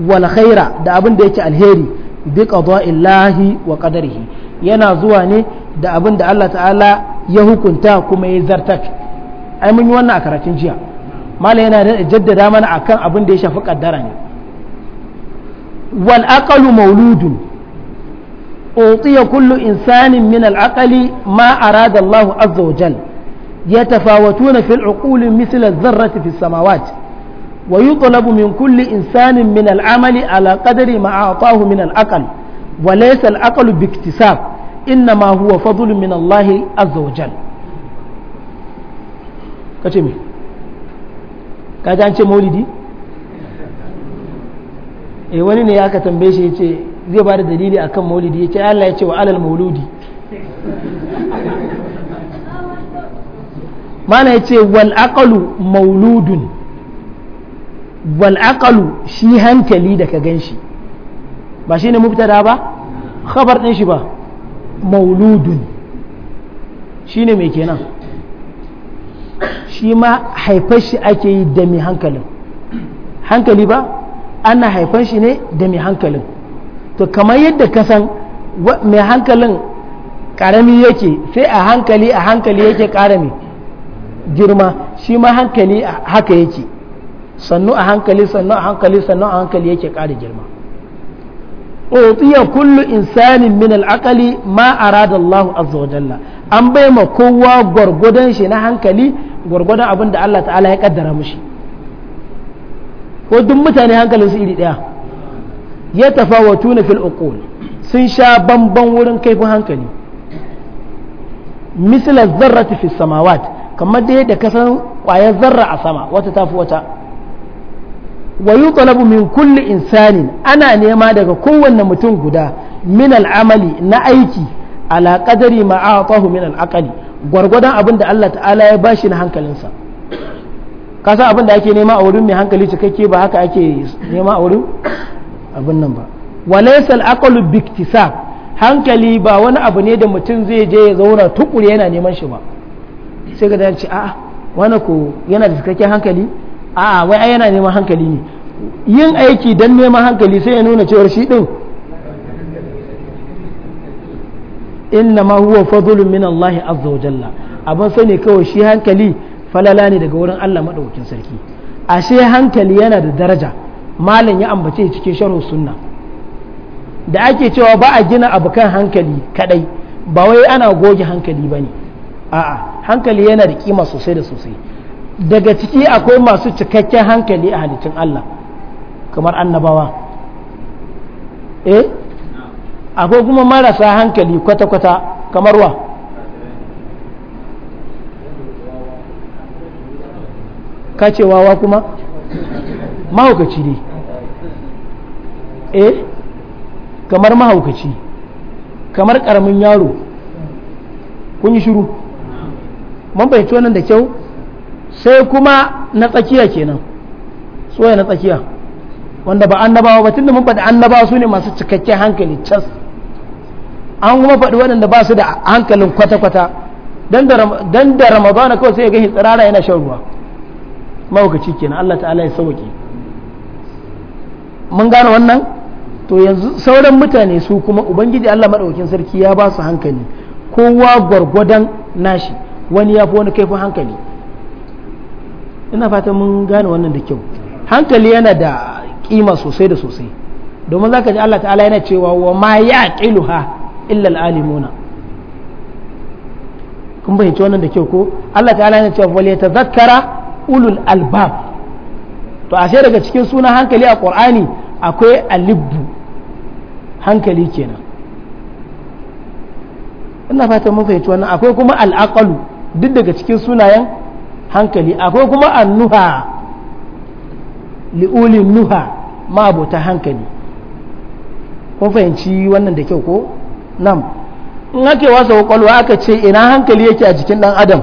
wal khaira da abin da yake alheri bi qada'illahi wa qadarihi yana zuwa ne da abin da Allah ta'ala ya hukunta kuma ya zartar ai mun yi wannan a karatun jiya mala yana jaddada mana akan abin da ya shafi kaddara ne wal aqalu mauludun utiya kullu insanin min al ma arada Allah azza wa jal yatafawatuna fil uquli mithla dharrati fis samawati ويطلب من كل إنسان من العمل على قدر ما أعطاه من الأقل وليس الأقل باكتساب إنما هو فضل من الله عز وجل كتمي كتانش مولدي e wani ne ya ka tambaye shi yace zai ba da dalili akan maulidi yace Allah ya ce wa alal mauludi mana yace wal aqalu mauludun wal aqalu shi hankali da ka ganshi ba shi ne mubtada ba khabar din shi ba mauludun shi ne mai kenan shi ma haifar shi ake yi da mai hankalin hankali ba ana haifan shi ne da mai hankalin to kamar yadda ka san mai hankalin karami yake sai a hankali a hankali yake karami girma shi ma hankali haka yake sannu a hankali sannu a hankali sannu a hankali yake ƙara girma utiya kullu insanin min al'akali ma arada Allah azza wa jalla an bai ma kowa gwargwadon shi na hankali gwargwadon abin da Allah ta'ala ya kaddara mushi ko duk mutane hankalin su iri ɗaya, ya tafa wa fil uqul sun sha bamban wurin kaifin hankali misla zarrati fi samawat kamar da yadda kasan kwayar zarra a sama wata tafi wata wa yutalabu min kulli insanin ana nema daga kowanne mutum guda min al'amali na aiki ala qadari ma a'tahu min al'aqali gwargwadon abin da Allah ta'ala ya bashi na hankalinsa ka san abin da ake nema a wurin mai hankali cikakke ba haka ake nema a wurin abin nan ba walaisal aqlu biktisab hankali ba wani abu ne da mutum zai je ya zauna tukuri yana neman shi ba sai ga dace a'a wani ko yana da cikakken hankali a'a wai ai yana neman hankali ne yin aiki dan neman hankali sai ya nuna cewar shi din inna ma huwa fadlun min Allah azza wa jalla abin ne kawai shi hankali falala ne daga wurin Allah maɗaukin sarki ashe hankali yana da daraja malam ya ambace cikin sharhu sunna da ake cewa ba a gina abu kan hankali kadai ba wai ana goge hankali bane a'a hankali yana da kima sosai da sosai daga ciki akwai masu cikakken hankali a halittun Allah kamar annabawa eh akwai kuma marasa hankali kwata-kwata kamar wa ka ce wawa kuma mahaukaci ne eh kamar mahaukaci kamar karamin yaro kun yi shiru mun fahimci wannan da kyau sai kuma na tsakiya kenan soya na tsakiya wanda ba annabawa ba tunda mun faɗi annabawa su ne masu cikakken hankali cas an kuma faɗi waɗanda ba su da hankalin kwata-kwata dan da ramadana kawai sai ya ga tsirara yana shan ruwa mahaukaci kenan Allah ta'ala ya sauke mun gane wannan to yanzu sauran mutane su kuma ubangiji Allah maɗaukin sarki ya ba su hankali kowa gwargwadon nashi wani ya fi wani kaifin hankali ina fata mun gane wannan da kyau hankali yana da kima sosai da sosai domin za ka ji Allah ta'ala yana cewa wa ma ya ƙiluha illa al'alimuna kun fahimci wannan da kyau ko Allah ta'ala yana cewa wal yatadhakkara ulul albab to ashe daga cikin suna hankali a ƙur'ani akwai alibbu hankali kenan ina fatan mun fahimci wannan akwai kuma al'aqalu duk daga cikin sunayen hankali akwai kuma annuha li'ulin nuha ma abota hankali kun fahimci wannan da kyau ko nam in ake wasa kwakwalwa aka ce ina hankali yake a jikin dan adam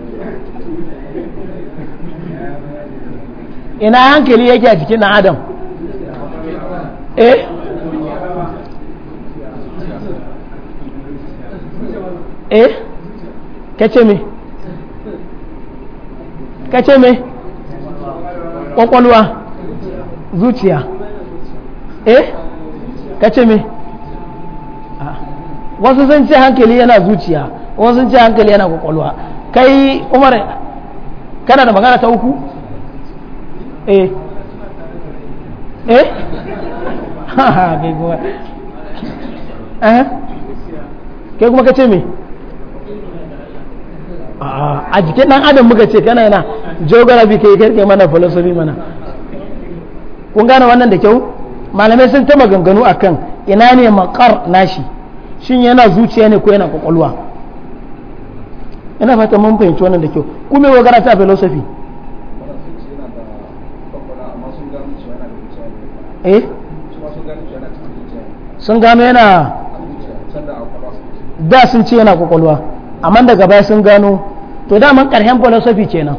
ina hankali yake a jikin adam eh eh kace me kace me kwakwalwa zuciya eh kace me ah. wasu sun ce hankali yana zuciya wasu sun ce hankali yana kwakwalwa kai umar kana da magana ta uku eh eh ha bai eh kai kuma ka ce me ah, a jikin dan adam muka ce kana yana geography kai kai mana philosophy mana kun gane wannan da kyau malamai sun ta maganganu a kan ina ne makar nashi shin yana zuciya ne ko yana kwakwalwa ina fata mun fahimci wannan da kyau kuma wa gara ta philosophy eh sun gano yana da sun ce yana kwakwalwa amma daga baya sun gano to daman ƙarshen philosophy kenan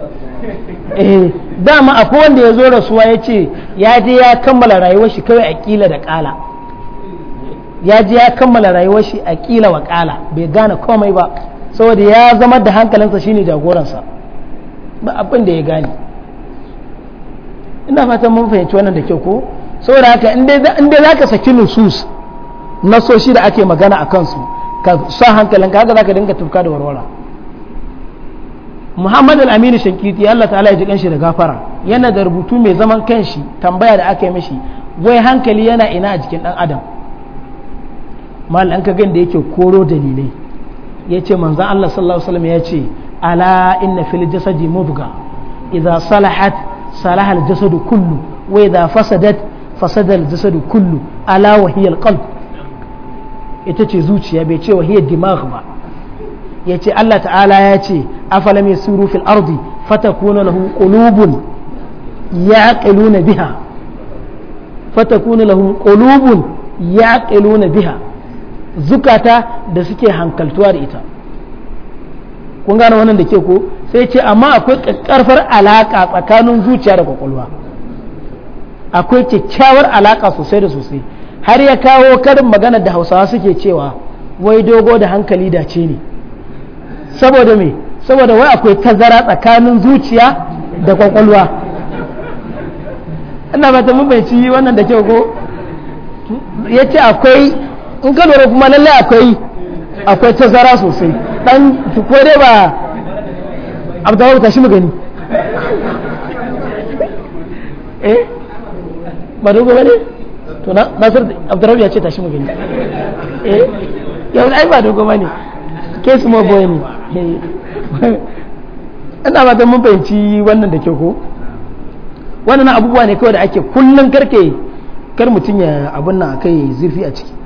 eh dama akwai wanda ya zo rasuwa ya ce ya je ya kammala rayuwar shi kawai kila da kala ya je ya kammala rayuwar shi kila wa kala bai gane komai ba saboda ya zama da hankalinsa shine jagoransa ba abin da ya gane ina fatan mun fahimci wannan da kyau ko saboda haka in dai zaka saki nusus nasoshi da ake magana a kansu ka sa hankalin ka zaka dinga tufka da warwara Muhammad al-Amin Shankiti Allah ta'ala ya ji kanshi da gafara yana da rubutu mai zaman kanshi tambaya da aka yi mishi wai hankali yana ina a jikin dan adam mal an ka gan da yake koro dalilai yace manzon Allah sallallahu alaihi wasallam ya ce ala inna fil jasadi mubga idza salahat صلاح الجسد كله وإذا فسدت فسد الجسد كله ألا وهي القلب يتشي زوجي يبيتشي وهي الدماغ ما يتشي الله تعالى يتشي أفلم يسيروا في الأرض فتكون لهم قلوب يعقلون بها فتكون لهم قلوب يعقلون بها زكاة da suke hankaltuwa da ita kun gane wannan da ke ko sai ce amma akwai karfar alaka tsakanin zuciya da kwakwalwa akwai kyakkyawar alaka sosai da sosai har ya kawo karin magana da hausawa suke cewa wai dogo da hankali da ce ne saboda me saboda wai akwai tazara tsakanin zuciya da kwakwalwa ina ba ta mabanci wannan da ke ko ya ce akwai in ka lura kuma lallai akwai akwai tazara sosai dan ko dai ba abdawa ta shi gani eh ba dogo bane to na nasir abdurrabi ya ce tashi gani eh yau ai ba dogo bane ke su mu boye ne eh. ina ba mun fahimci wannan da ke ko wannan abubuwa ne kawai da ake kullun karke kar mutum ya abun nan akai zurfi a ciki